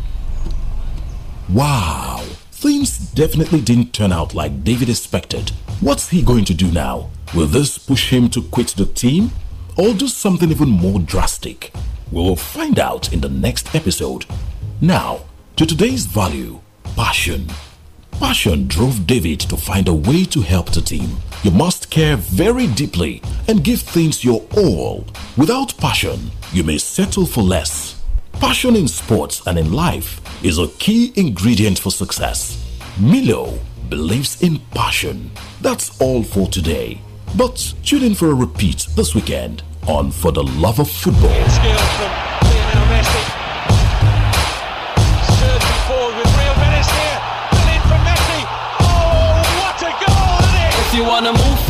Wow! Things definitely didn't turn out like David expected. What's he going to do now? Will this push him to quit the team or do something even more drastic? We will find out in the next episode. Now, to today's value passion. Passion drove David to find a way to help the team. You must care very deeply and give things your all. Without passion, you may settle for less. Passion in sports and in life is a key ingredient for success. Milo believes in passion. That's all for today. But tune in for a repeat this weekend on For the Love of Football.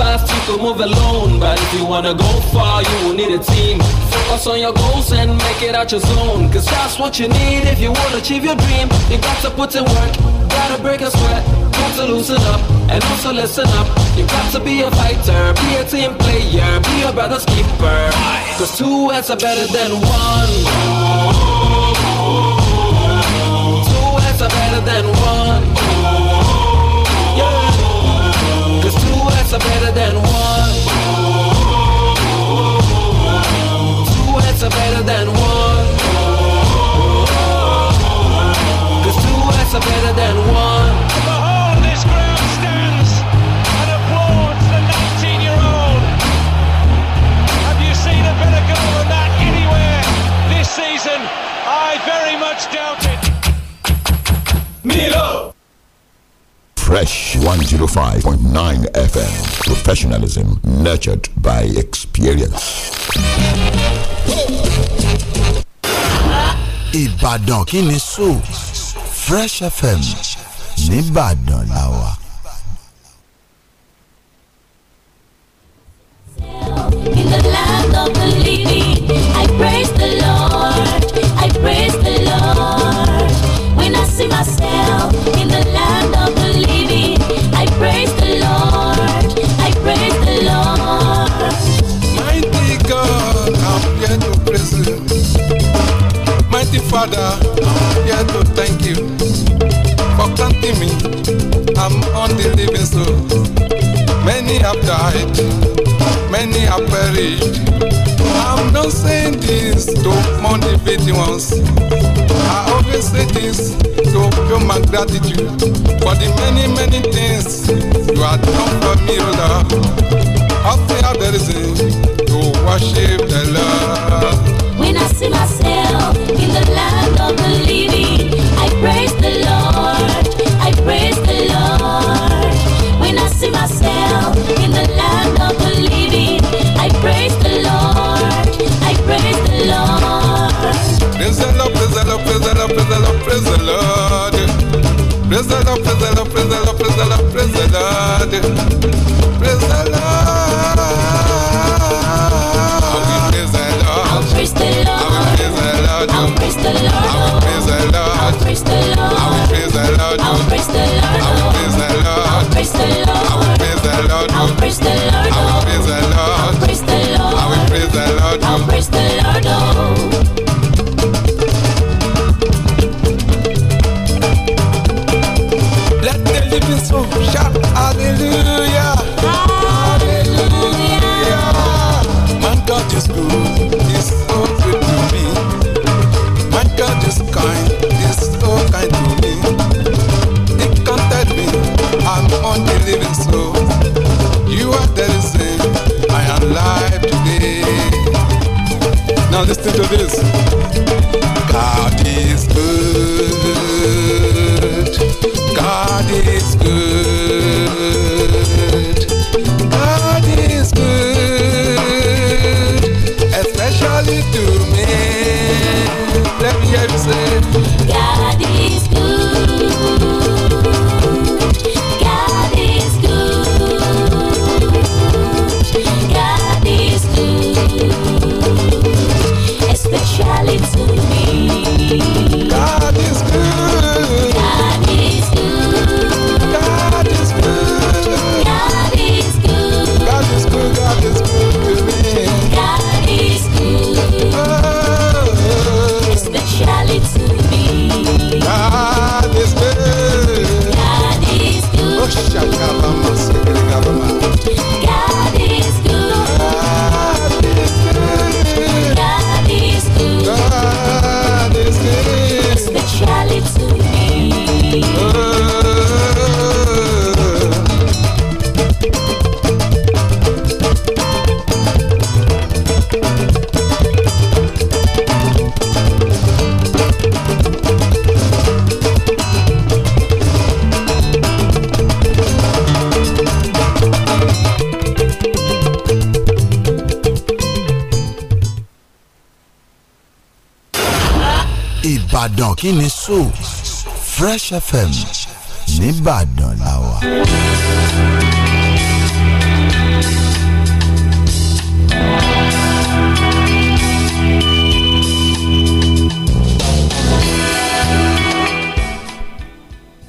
fast, you can move alone. But if you wanna go far, you will need a team. Focus on your goals and make it out your zone. Cause that's what you need if you wanna achieve your dream. You got to put in work, gotta break a sweat, got to loosen up, and also listen up. You got to be a fighter, be a team player, be a brother's keeper. Cause two heads are better than one. Two heads are better than one. are better than one. Two heads are better than one. Cause two heads are better than one. The whole this stands and applauds the 19 year old. Have you seen a better goal than that anywhere this season? I very much doubt it. Milo! Fresh 105.9 FM. Professionalism nurtured by experience. Ìbàdàn kí so Fresh FM nìbàdàn la wà. In the land of I praise the Lord, I praise the Lord. When I see myself in the land Father, here to thank you for planting me. I'm on the living soul. Many have died, many have perished. I'm not saying this to motivate ones. I always say this to show my gratitude for the many, many things you have done for me, O oh Lord. Up there, there is a to worship the Lord. when I see myself in the land of the I praise the Lord, I praise the Lord. When I see myself in the land of the I praise the Lord, I praise the Lord. Praise the Lord, praise the Lord, praise the Lord, praise the Lord, praise the Lord. I will praise the Lord. I will praise the Lord. I will praise the Lord. I will praise the Lord. I will praise the Lord. I will praise the Lord. it is. Fresh FM nìbàdàn la wà.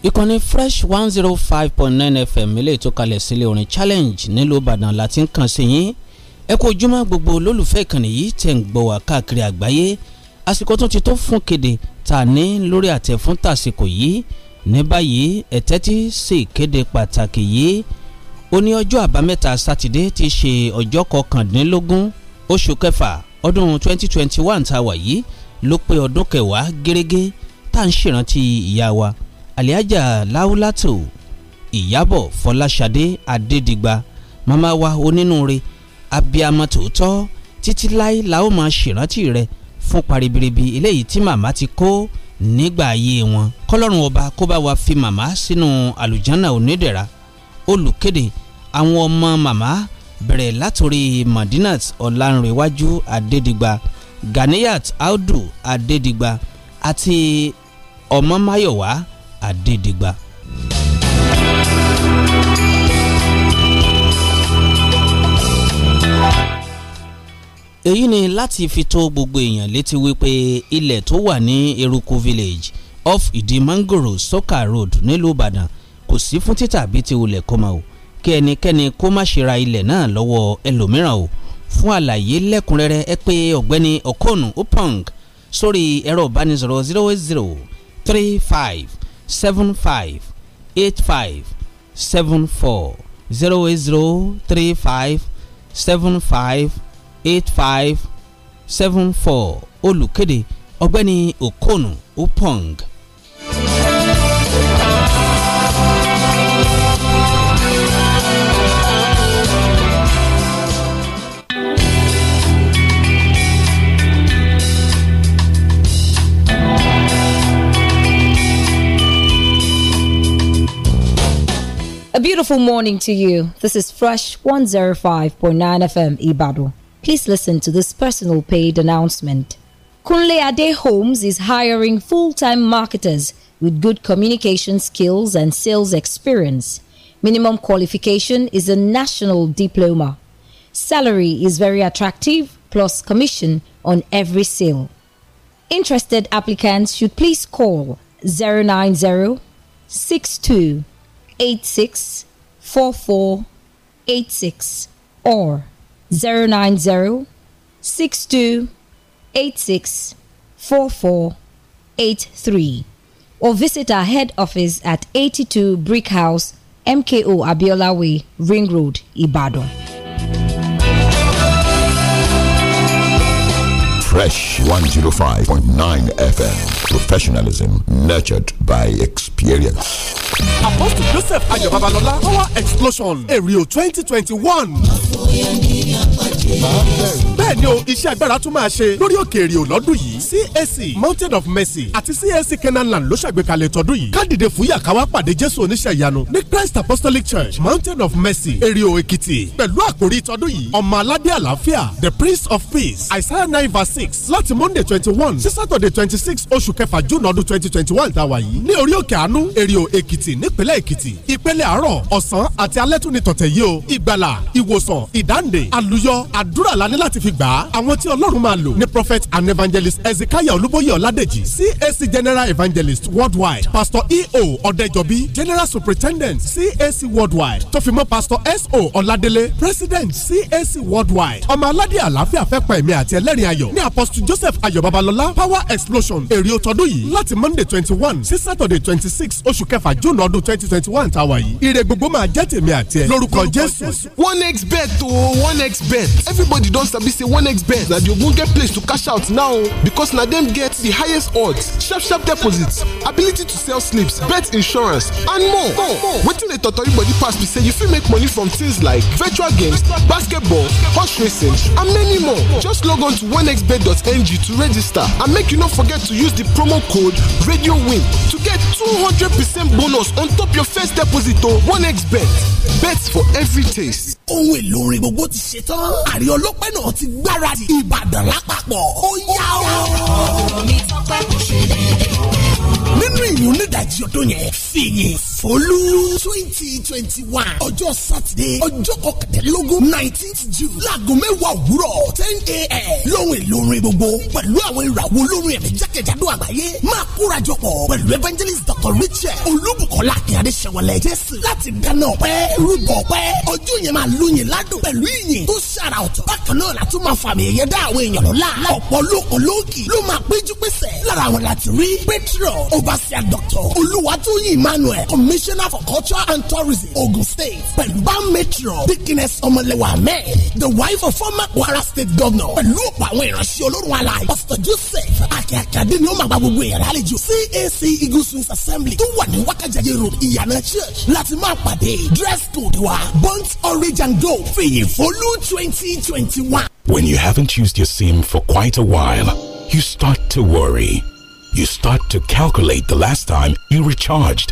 ìkànnì fresh one zero oh five point nine fm ilé ìtúkalẹ̀ sílé orin challenge nílùú ìbàdàn la ti ń kàn sí yín ẹ kú ojúmọ́ gbogbo olólùfẹ́ ìkànnì yìí tẹ̀ ń gbọ́ wá káàkiri àgbáyé àsìkò tó ti tó fún kéde tá a ní lórí àtẹ fún tàsìkò yìí ní báyìí ẹ tẹ́tí sí ìkéde pàtàkì yìí ó ní ọjọ́ àbámẹ́ta sátidé ti ṣe ọjọ́ kọkàndínlógún oṣù kẹfà ọdún 2021 tá a wà yìí ló pé ọdún kẹwàá gẹ́gẹ́ tá à ń ṣèrántí ìyá wa àlíájà láúlátò ìyábọ̀ fọláṣadé adédìgba màmá wa onínúure abiyamọ tòótọ́ títí láé la ó máa ṣèrántí rẹ̀ fún paribiribi eléyìí tí màmá ti kó nígbà ayé wọn kọlọ́run ọba kó bá wa fi màmá sínú àlùjánà onídẹ̀ra olùkéde àwọn ọmọ màmá bẹ̀rẹ̀ látòrí madinat ọ̀lànrẹ̀wájú adédigba ganiyat audu adédigba àti ọmọ mayowa adédigba. èyí ni láti fi tó gbogbo èèyàn létí wípé ilẹ̀ tó wà ní eruku village off Idi mangoro soka road nílùú ìbàdàn kò sí fún títà bí ti wulẹ̀ kọ́mọ o kí ẹnikẹ́ni kó má ṣe ra ilẹ̀ náà lọ́wọ́ ẹlòmíràn o fún àlàyé lẹ́kùnrẹ́rẹ́ ẹ pé ọ̀gbẹ́ni okonu opong sórí ẹ̀rọ ìbánisọ̀rọ̀ zero zero three five seven five eight five seven four zero zero three five seven five. eight five seven four olùkéde ọ̀gbẹ́ni okonu upong. A beautiful morning to you. This is Fresh 105.9 FM Ibado. Please listen to this personal paid announcement. Kunle Ade Homes is hiring full time marketers with good communication skills and sales experience. Minimum qualification is a national diploma. Salary is very attractive, plus commission on every sale. Interested applicants should please call 090 or 090 6286 or visit our head office at 82 Brick House, MKO Abiola Way, Ring Road, Ibadan. Fresh 105.9 FM. Professionalism nurtured by experience. Apostle Joseph Ayọ̀ Babalọ́lá Power Explosion Èrìò 2021 bẹ́ẹ̀ ni o iṣẹ́ agbára tún máa ṣe lórí òkè èrìò lọ́dún yìí CAC Mountain of Mercy àti CAC Kenaland ló ṣàgbékalẹ̀ tọdún yìí kádìdè fúyà káwá pàdé Jésù oníṣẹ́ ìyanu ní Christ Apostolic Church Mountain of Mercy èrìò Èkìtì pẹ̀lú àkórí tọdún yìí ọmọ aládé àlàáfíà the Prince of Peace Isaiah nine verse six láti monday twenty one sí saturday twenty six oṣù kẹfà june ọdún twenty twenty one tá a wà yìí ní orí òkè àánú èrìò èkìtì nípínlẹ̀ èkìtì ìpele àárọ̀ ọ̀sán àti alẹ́ tún ni tọ̀tẹ̀ yìí o ìgbàlà ìwòsàn ìdáǹdè àlùyọ àdúrà la ní láti fi gbà á àwọn tí ọlọ́run máa lò ní prophet and evangelist ezekiah olúbóyè ọládèjì cac general evangelist worldwide pastor eo ọ̀dẹ́jọ́bí general superintendent cac worldwide tó fi mọ́ pastor so ọ̀ládélé president cac worldwide ọmọ aládé àlàáfíà fẹ́ pa ẹ̀mí àti ẹlẹ́rìn apostle joseph ayọ̀ power explosion èrè ọtọdún yìí láti monday twenty one sí saturday twenty six oṣù kẹfà june ọdún twenty twenty one tàwa yìí ire gbogbo máa jẹ́ tèmi àti ẹ lórúkọ jésù. one x bet ooo oh, one x bet everybody don sabi say one x bet na the ogbonge place to cash out now because na dem get the highest odds sharp sharp deposits ability to sell slips bet insurance and more. more. wetin dey totori body pass be say you fit make money from things like virtual games basketball horse racing and many more just log on to one X bet radio1.ng to register and make you no forget to use the promo code radiowin to get 200% bonus on top your first deposit o 1x bet bet for every taste. ohun èlò orin gbogbo ti ṣe tán àrí ọlọ́pẹ́ náà ti gbáradì ìbàdàn lápapọ̀ ó yá o. ọ̀rọ̀ mi tọ́pẹ́ kò ṣe é. nínú ìyún nídàjí ọdún yẹn fìyìn fólú twenty twenty one ọjọ́ sátidé ọjọ́ kọkàndínlógún nineteenth june láago mẹ́wàá òwúrọ̀ ten a.m. lóhùn èlò orin gbogbo pẹ̀lú àwọn ìràwọ̀ olórin ẹ̀mí jákèjádò àgbáyé máa kórajọ pọ̀ pẹ̀lú evangelist dr richard olúbùkọ́lá akínyàdé ṣẹ̀wọ̀lẹ̀ jésù láti dáná ọpẹ́ rúbọ ọpẹ́ ọjọ́ yẹn máa lóyin ládùn pẹ̀lú ìyìn tó ṣàrà ọ̀tọ̀ bákan náà la tún máa fàmì ẹ̀yẹ dá àwọn èèyàn lọ́la ọ̀pọ̀ lóko lóòkì ló máa péjú pésẹ̀ lára àwọn láti rí petro overseer doctor olúwatóyìn emmanuel commissioner for culture and tourism ogun state pẹ̀lú metro dikines ọmọlẹ́wà ahmed the wife of former kwara state governor pẹ̀lú ọ̀pọ̀ àwọn ìránṣẹ́ olórun alaye pastor joseph akíakíade ni ó máa gba gbogbo ìyàrá àlejò cac eagle swings assembly tó wà ní wákàjẹyẹ road ìyànà church láti máa pàdé dress code wa burnt orange and gold fèyí fólú twenty twenty one. When you haven't used your SIM for quite a while, you start to worry. You start to calculate the last time you recharged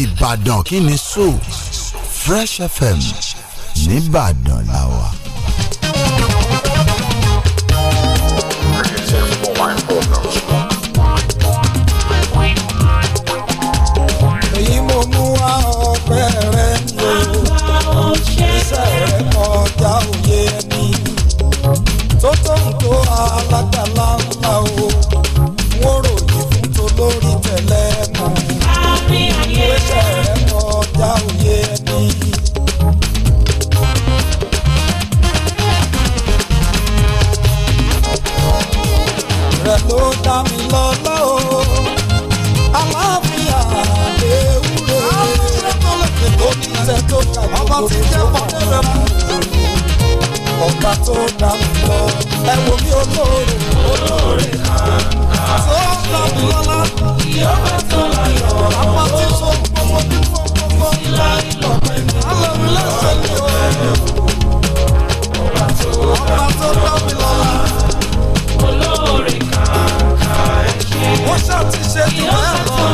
Ìbàdàn kí ni so Fresh FM nìbàdàn la wà. èyí mo mú wá ọpẹ́ rẹ ní o iṣẹ́ òye mi tó tó ń tó alágbèrè. ọba tí jẹ́ pàtẹ́rẹ́ mú. ọba tó dá mi lọ ẹ wo mi olóore. olóore kàkà. tó dá mi lọ́lá. ìyọ́bẹ̀ tó láyọ̀. ọba tí so gbogbo dúró gbogbo. ìlà ìlọ̀pẹ̀ ni. alẹ́ mi lẹ́sẹ̀ ni o. ọba tó dá mi lọ́lá. olóore kàkà ẹ ṣe. wọ́n ṣàtìṣe jù bẹ́ẹ̀ lọ.